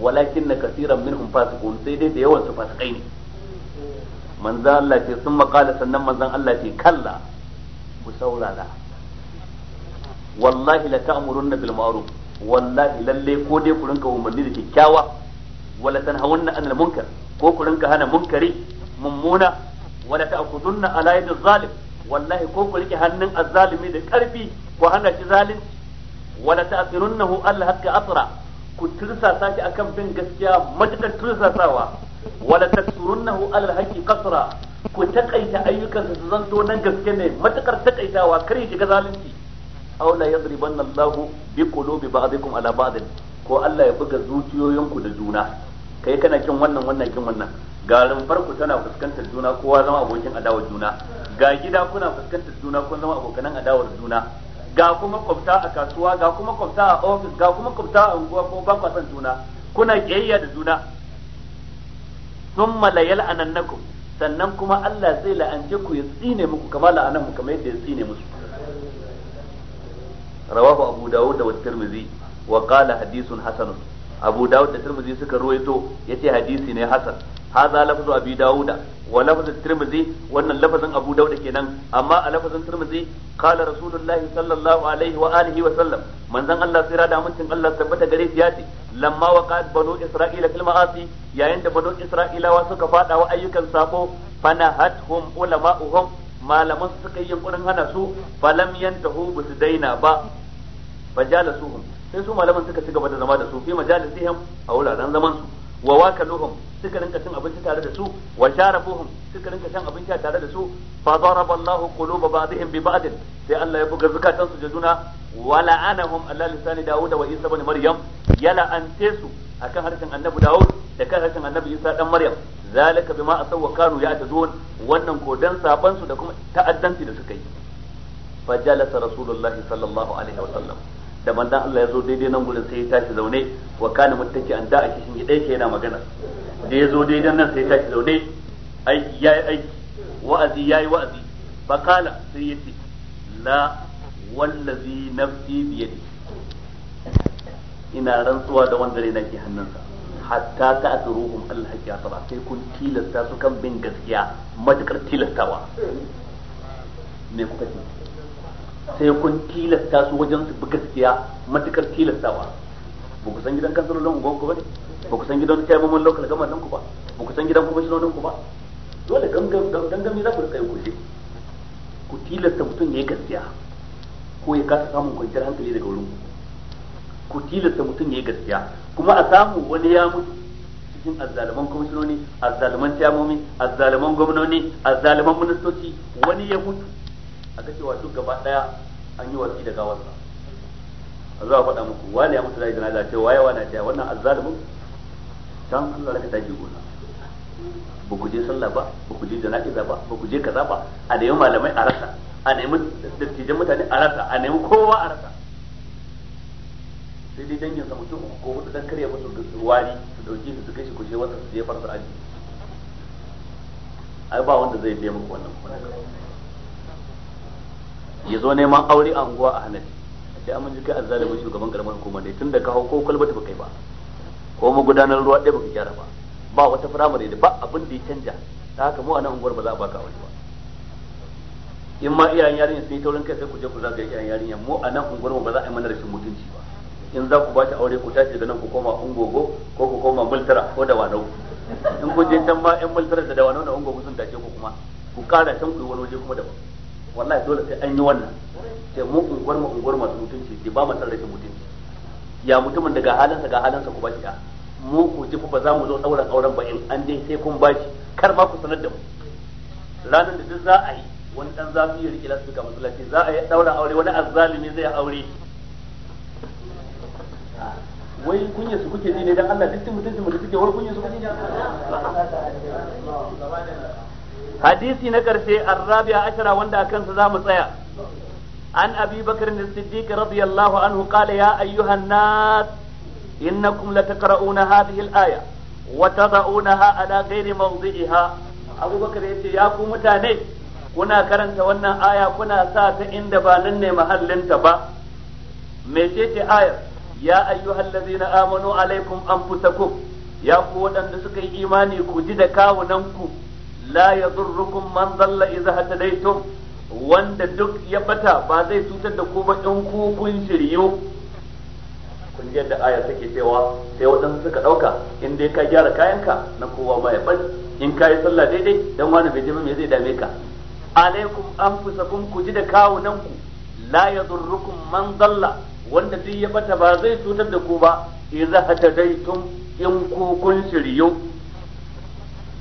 walakin na kasiran sai dai da yawan su fasikai ne manzon Allah ce makala sannan manzan Allah ce kalla ku saurara wallahi la ta'murunna bil ma'ruf wallahi lalle ko dai ku rinka umarni da kyakkyawa wala tanhawunna anil munkar ko ku rinka hana munkari mummuna wala ta'khudunna ala yadi zalim wallahi ko ku rike hannun azzalimi da karfi ku hana shi zalim wala ta'thirunnahu al haqqi asra ku tursasa shi akan bin gaskiya matakar tursasawa wala taksurunnahu al haqqi qasra ku taƙaita ayyukan su zanto nan gaske ne matakar taƙaitawa kar ya shiga zalunci aw la yadribanna Allahu bi qulubi ba'dikum ala ba'd ko Allah ya buga zuciyoyinku da juna kai kana kin wannan wannan kin wannan ga farko tana fuskantar juna kowa zama abokin adawar juna ga gida kuna fuskantar juna kun zama abokan adawar juna ga kuma kwafta a kasuwa ga kuma kwafta a ofis ga kuma kwafta a unguwa ko ba kwa son juna kuna kiyayya da juna thumma la yal'anannakum sannan kuma Allah zai la'anje ku ya tsine muku kama la'anan mu kamar yadda ya tsine musu rawahu abu dawud wa tirmidhi wa qala hadithun hasan abu dawud da tirmidhi suka ruwaito yace hadisi ne hasan hadha lafzu abi dawuda wa lafzu tirmidhi wannan lafazin abu dawud kenan amma a lafazin Tirmizi kala rasulullah sallallahu alaihi wa wa sallam manzon Allah sai da mutun Allah tabbata gare shi lamma waqat banu isra'ila fil ma'asi yayin da banu isra'ilawa suka faɗawa wa ayyukan sako fanahathum ulama'uhum malaman su suka yi yankurin hana su falam yantahu bu su daina ba fajalisuhum sai su malaman suka ci gaba da zama da su fi majalisihim a wuraren zaman su wa wakaluhum suka rinka cin abinci tare da su wa sharabuhum suka rinka cin abinci tare da su fa daraba quluba ba'dihim bi ba'd sai Allah ya buga zakatan su da juna wa la'anahum ala lisani Dawud wa Isa ibn Maryam ya la'ante su akan harshen Annabi Dawu da kan harshen Annabi Isa dan Maryam zalika bima asaw kanu ya tazun wannan ko dan saban da kuma ta'addanci da suka yi fa jalasa rasulullahi sallallahu alaihi wa sallam da manzon Allah ya zo daidai nan gurin sai ya tashi zaune wa kana muttaki an da ake shin dai yana magana da ya zo daidai nan sai ya tashi zaune aiki yayi aiki wa'azi yayi wa'azi ina rantsuwa da wanda rai nake hannunsa hatta ta asiruhum Allah ya tsara sai kun tilasta su kan bin gaskiya matukar tilastawa me kuka ce sai kun tilasta su wajen su bi gaskiya matuƙar tilastawa ba ku san gidan kansalolin unguwan ku ba ne ba ku san gidan chairman local government ku ba ba ku san gidan kwamishinonin ku ba dole gangami za ku da yi kushe ku tilasta mutum ya yi gaskiya ko ya kasa samun kwanciyar hankali daga wurin ku ku tilasta mutum ya yi gaskiya kuma a samu wani ya mutu cikin azzaluman kwamishinoni azzaluman tiyamomi azzaluman gwamnoni azzaluman ministoci wani ya mutu a ga cewa duk gaba daya an yi watsi da gawarsa a a faɗa muku wani ya mutu da cewa ce na wani wannan azzalumin can Allah da ta gona ba ku je sallah ba ba ku je jana'iza ba ba ku je kaza ba a nemi malamai a rasa a nemi dattijan mutane a rasa a nemi kowa a rasa sai dai dangin sa mutum uku ko hudu dan karya musu wari su dauki su kai shi kushe wata su jefar su aji ai ba wanda zai biya muku wannan ya zo neman aure a unguwa a hanafi A an ji kai azzalimin shugaban karamar hukuma ne tun da ka hau ko kwalbata ba kai ba ko magudanar ruwa ɗaya baka gyara ba ba wata firamare da ba abin da ya canja ta haka mu a nan unguwar ba za a baka aure ba in ma iyayen yarinya sun yi taurin kai sai ku je ku zagaye iyayen yarinya mu a nan unguwar ba za a yi mana rashin mutunci ba in za ku ba shi aure ku tashi daga nan ku koma ungogo ko ku koma multara ko da wanau in ku je can ma yan multara da wanau da ungogo sun tace ku kuma ku kara can ku yi wani waje kuma daban wallahi dole sai an yi wannan sai mu unguwar mu unguwar masu mutunci ce ba mu san rashin mutunci ya mutumin daga halinsa ga halinsa ku ba shi mu ku ji ba za mu zo ɗauran auren ba in an dai sai kun ba shi kar ma ku sanar da mu ranar da duk za a yi wani dan zafi ya rike lasu masu za a yi ɗauran aure wani azzalimi zai aure wai kunya su kuke ji ne dan Allah dukkan mutuncin mu da suke wai kunya su kuke ji hadisi na karshe arrabiya ashara wanda akan sa zamu tsaya an abi bakr as-siddiq radiyallahu anhu qala ya ayyuhan nas innakum lataqra'una hadhihi al-aya wa tad'unaha ala ghairi mawdi'iha abu yace ya ku mutane kuna karanta wannan aya kuna sa ta inda ba nan ne ta ba mecece ayar ya ayyuhallazina amanu alaikum anfusakum ya ku waɗanda suka yi imani ku ji da kawunanku la yadurrukum man dalla idza hadaytum wanda duk ya bata ba zai cutar da ku ba in ku kun shiryu kun ji yadda aya take cewa sai waɗansu suka ɗauka in dai ka gyara kayanka na kowa ba ya ɓaci in ka yi sallah daidai dan wani bai ji me zai dame ka alaikum anfusakum ku ji da kawunanku la yadurrukum man dalla wanda duk ya bata ba zai cutar da ku ba idza hatadaitum in ku kun shiryu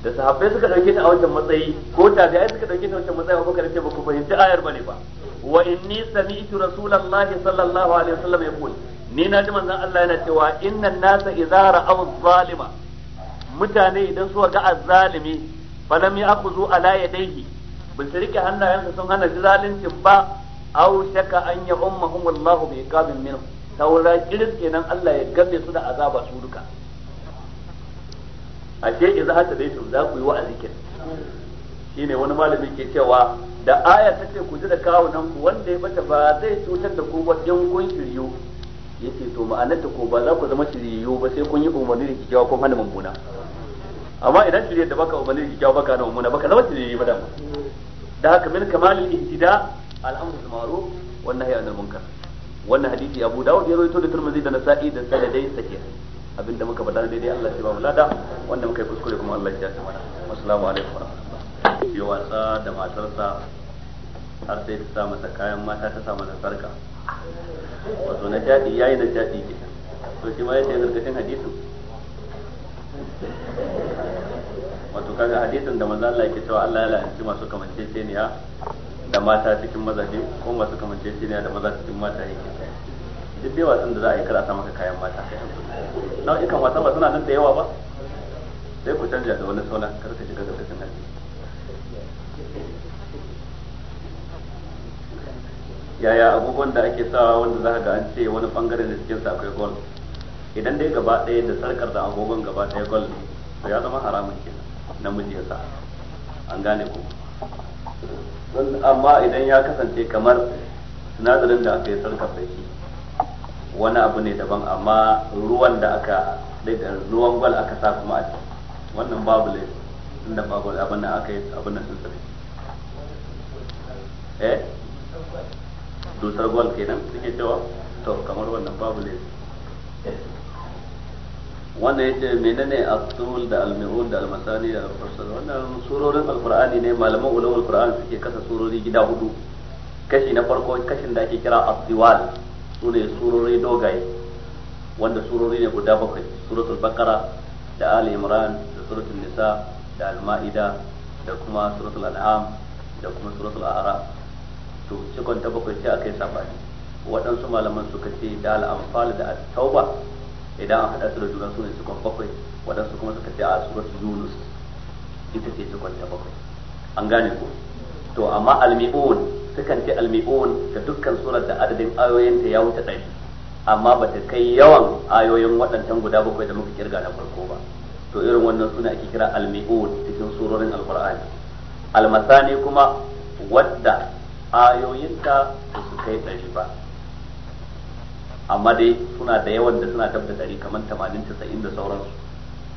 da sahabbai suka dauke ta a wancan matsayi ko tabi'ai suka dauke ta a wancan matsayi Abubakar ce ba ku fahimci ayar bane ba wa inni sami'tu rasulullahi sallallahu alaihi wasallam yaqul ni na ji manzon Allah yana cewa innan nasa idza ra'aw zalima mutane idan suka ga azzalimi falam ya'khudhu ala yadayhi ba su rike hannayensa sun hana zalincin ba aw shaka an ya ummahum Allah bi iqabin minhu saura kiris kenan Allah ya gabe su da azaba su duka ce idza hata dai za ku yi wa'azi kin shine wani malami ke cewa da aya ta ce ku ji da nan ku wanda ya bata ba zai cutar da ku ba dan kun shiryu yace to ma'anar ta ko ba za ku zama shiryu ba sai kun yi umarni da kikkiawa kun hana mummuna amma idan shirye da baka umarni da kikkiawa baka hana mummuna baka zama shiryu ba dan da haka min kamalul ihtida al'amru bil ma'ruf wan nahyi anil munkar wannan hadisi Abu Dawud ya rawaito da Tirmidhi da Nasa'i da sanadai sahih abinda muka faɗa daidai Allah ya ba mu lada wanda muka yi kuskure kuma Allah ya tsaya mana assalamu alaikum wa rahmatullahi Yau wasa da matarsa har sai ta sa masa kayan mata ta sa masa sarka wato na jadi yayi na jadi ke to shi ma yace gargadin hadisin wato kaga hadisin da manzo Allah yake cewa Allah ya lalace masu ya da mata cikin mazaje ko masu kamance shi ne da maza cikin mata yake duk dai wasan da za a yi kar a sa maka kayan mata nau'ikan wasan ba suna nan da yawa ba sai ku canja da wani sauna kar ka shiga lokacin nan yaya abubuwan da ake sawa wanda za ga an ce wani bangare da cikin sa akwai gol idan dai gaba ɗaya da sarkar da agogon gaba ɗaya gol to ya zama haramun kenan namiji ya sa an gane ku don amma idan ya kasance kamar sinadarin da aka yi sarka da shi wani abu ne daban amma ruwan da aka ruwan gwal aka sa kuma a ciki wannan babu ne sun da babu abin da aka yi abin da sun sarki eh dusar gwal kenan suke cewa to kamar wannan babu ne wannan yace menene asul da almiul da almasani da alfursal wannan surorin alqur'ani ne malaman ulumul qur'an suke kasa surori gida hudu kashi na farko kashin da ake kira asdiwal sune surori dogaye wanda surori ne guda bakwai suratul baqara da ali imran da suratul nisa da al-ma'ida da kuma suratul an'am da kuma suratul a'raf to cikon ta bakwai sai akai sabani waɗansu malaman suka ce da al-anfal da at-tauba idan an hada su da juna sune cikon bakwai waɗansu kuma suka ce a surat yunus ita ce cikon ta bakwai an gane ko to amma almi'un sukan ce almi'un da dukkan surar da adadin ayoyin ta ya wuce ɗari amma ba ta kai yawan ayoyin waɗancan guda bakwai da muka kirga na farko ba to irin wannan suna ake kira almi'un cikin surorin alqur'ani almasani kuma wadda ayoyinta ba su kai ɗari ba amma dai suna da yawan da suna tabbata dari kamar tamanin casa'in da sauransu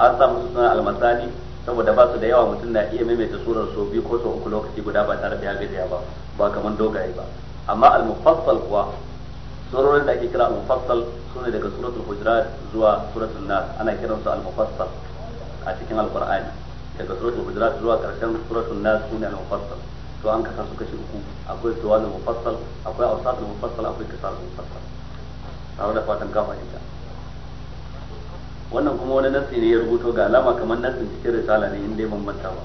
an samu su suna almasani saboda ba su da yawa mutum na iya maimaita surar so biyu ko so uku lokaci guda ba tare da ya gajiya ba ba kamar dogaye ba amma al-mufassal kuwa surorin da ake kira al-mufassal sune daga suratul hujurat zuwa suratul nas ana su al-mufassal a cikin al-qur'ani daga suratul hujurat zuwa karshen suratul nas sune al-mufassal to an kasa su kashi uku akwai tuwanul mufassal akwai awsatul mufassal akwai kasar mufassal a wani fatan ka fahimta wannan kuma wani nassi ne ya rubuto ga alama kamar nassin cikin risala ne in dai ban manta ba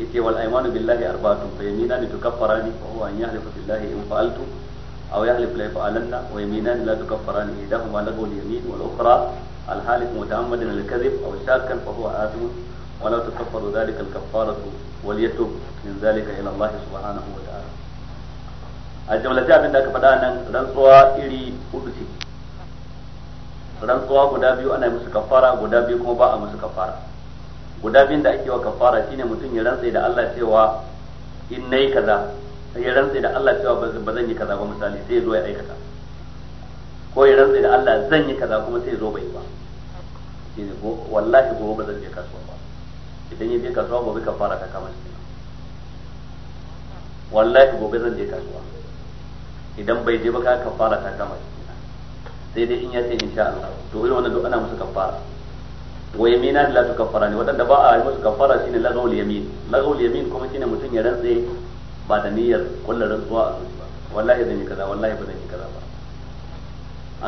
yace wal aymanu billahi arba'atun fa yaminani tukaffarani wa huwa an yahlifu billahi in fa'altu aw yahlifu la yaf'alanna wa yaminani la tukaffarani idahuma lahu al-yamin wal ukhra al-halif mutaammadan al-kadhib aw shakkan fa huwa athim wa la tukaffaru dhalika al-kaffaratu wal yatub min dhalika ila Allah subhanahu wa a jumlace abin da aka faɗa nan rantsuwa iri hudu ce rantsuwa guda biyu ana musu kafara guda biyu kuma ba a musu kafara guda biyun da ake wa kafara shine mutum ya rantsa da Allah cewa in nayi kaza sai ya rantsa da Allah cewa ba zan yi kaza ba misali sai ya zo ya aikata ko ya rantsa da Allah zan yi kaza kuma sai ya zo bai ba shine ko wallahi gobe ba zan je kasuwa ba idan ya je kasuwa gobe kafara ta kama shi wallahi gobe zan je kasuwa idan bai je ba ka kafara ta kama sai dai in ya ce insha Allah to irin wannan duk ana musu kafara wa yamina la kafara ne wadanda ba a yi musu kafara shine gaul yamin gaul yamin kuma shine mutum ya rantsa ba da niyyar kullar rantsuwa a zuci wallahi zan yi kaza wallahi ba yi kaza ba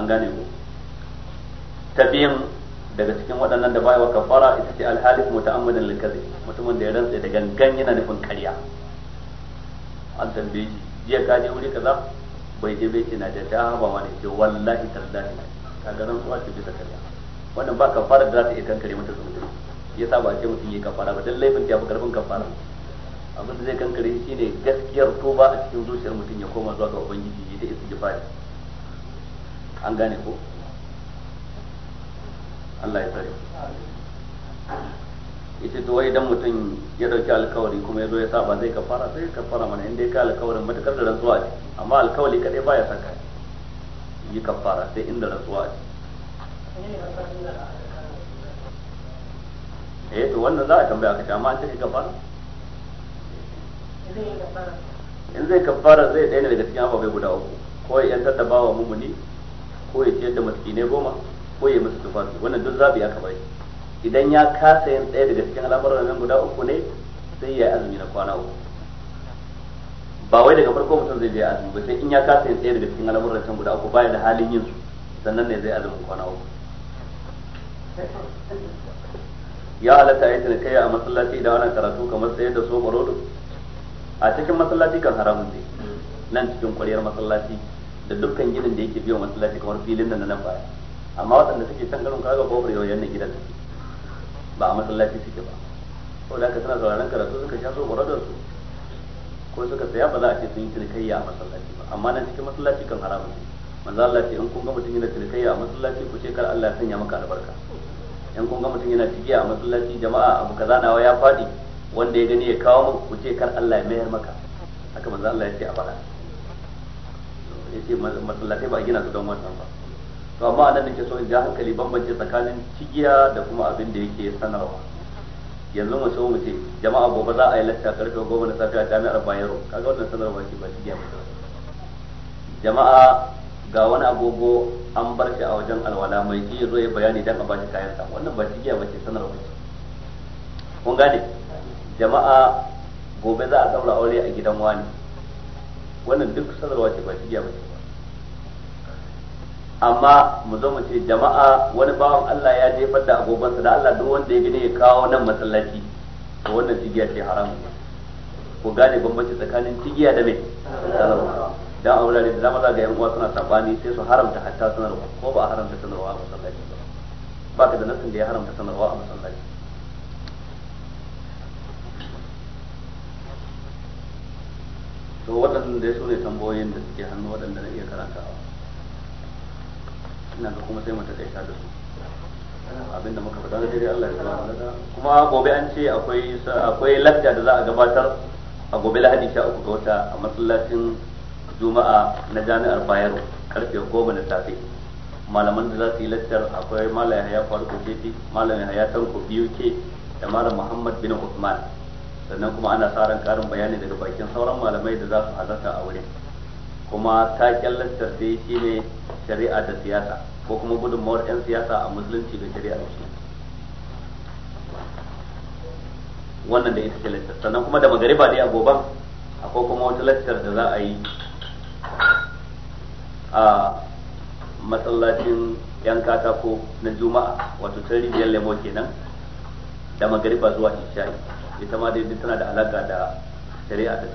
an gane ku tabiyan daga cikin waɗannan da bayawa kafara ita ce alhalif muta'ammidan lil kadhib mutumin da ya rantsa da gangan yana nufin ƙarya an tambaye shi jiya ka je wuri kaza bai je bai ce na da dama ne ce wallahi tallahi na ga ran tsuwa ce bisa karya wannan ba kafara da za ta iya kankare mata ya sa ba ce mutum yi kafara ba dan laifin ta fi karfin kafara abin da zai kankare shi ne gaskiyar tuba a cikin zuciyar mutum ya koma zuwa ga ubangiji ya ta istighfari an gane ko Allah ya tsare yace to wai idan mutum ya dauki alkawari kuma ya zo ya saba zai kafara sai ya kafara mana inda ya ka alkawarin matakar da rantsuwa ce amma alkawari kadai baya saka yi kafara sai inda rantsuwa ce eh to wannan za a tambaya ka amma an ce kafara in zai kafara zai ɗaya ne daga cikin ababai guda uku ko ya yantar da bawa mumuni ko ya ciyar da maskinai goma ko ya yi musu tufafi wannan duk zabi aka bai idan ya kasa yin ɗaya daga cikin al'amuran nan guda uku ne sai ya azumi na kwana uku ba wai daga farko mutum zai je azumi ba sai in ya kasa yin ɗaya daga cikin al'amuran can guda uku baya da halin yin su sannan ne zai azumin kwana uku ya halatta ya kai a masallaci idan ana karatu kamar tsaye da so rodo a cikin masallaci kan haramun ne nan cikin kwaryar masallaci da dukkan ginin da yake biyan masallaci kamar filin nan na nan baya amma waɗanda suke can garin kaga kofar yau yannan gidan suke ba a masallaci suke ba da haka suna sauraron karatu suka sha so gwaradar su ko suka saya ba za a ce sun yi cinikayya a masallaci ba amma nan cikin masallaci kan haramun ne manzo Allah ce in kun ga mutum yana cinikayya a masallaci ku ce kar Allah ya sanya maka albarka in kun ga mutum yana cikiya a masallaci jama'a abu kaza nawa ya fadi wanda ya gani ya kawo muku ku ce kar Allah ya mayar maka haka manzo Allah ya ce a faɗa ya ce masallatai ba a gina su don wannan ba to amma nan ke so in ja hankali bambance tsakanin cigiya da kuma abin da yake sanarwa yanzu mu so mu ce jama'a gobe za a yi lacca karfe goma na safiya jami'ar Bayero kaga wannan sanarwa ce ba cigiya ba jama'a ga wani agogo an bar shi a wajen alwala mai ji zo ya bayani dan a bashi kayan sa wannan ba cigiya ba ce sanarwa ce kun gane jama'a gobe za a daura aure a gidan wani wannan duk sanarwa ce ba cigiya ba ce amma mu zo mu ce jama'a wani bawan Allah ya jefar da agobansa da Allah duk wanda ya gani ya kawo nan masallaci to wannan cigiya ce haramun ku gane bambanci tsakanin cigiya da mai dan aure ne da dama za ga yan uwa suna sabani sai su haramta hatta sanarwa ko ba a haramta sanarwa a masallaci ba ka da nasin da ya haramta sanarwa a masallaci to waɗannan dai su ne tambayoyin da suke hannu waɗanda na iya karantawa ina ga kuma sai mu takaita da su abinda muka faɗa dai Allah ya kuma gobe an ce akwai akwai da za a gabatar a gobe Lahadi sha uku ga wata a masallacin Juma'a na Jami'ar Bayero karfe 10 na safe malaman da za su yi lakcar akwai Malam Yahaya Faruk Kefi Malam Yahya Tanko BUK da Malam Muhammad bin Usman sannan kuma ana sa ran karin bayani daga bakin sauran malamai da za su halarta a wurin kuma taken lantar sai shi ne shari'a da siyasa ko kuma gudunmawar 'yan siyasa a musulunci da shari'a da shi? wannan da ita ce lantar sannan kuma da magariba dai a gobe akwai kuma wata lantar da za a yi a matsalacin 'yan katako na juma'a wato ta lemo kenan da magariba zuwa isha'i ita ma dai tana da alaka da shari'a da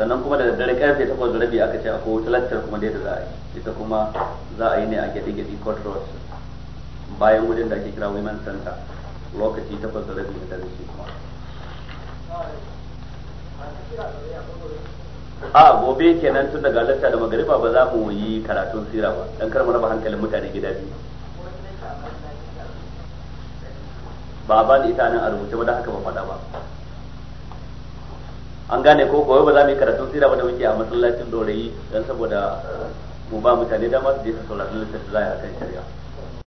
sannan kuma da daddare karfe takwas da rabi aka ce akwai wata lantar kuma da za a yi ita kuma za a yi ne a gidi gidi court road bayan wajen da ake kira women center lokaci takwas da rabi na dare shi kuma a gobe kenan tun daga latta da magariba ba za mu yi karatun sira ba dan kar mu raba hankalin mutane gida biyu ba ba ni ita nan a rubuce ba da haka ba faɗa ba an gane ko kawai ba za mu yi karatun sira ba da muke a masallacin dorayi don saboda mu ba mutane dama su je su saurari littafi za a kan shari'a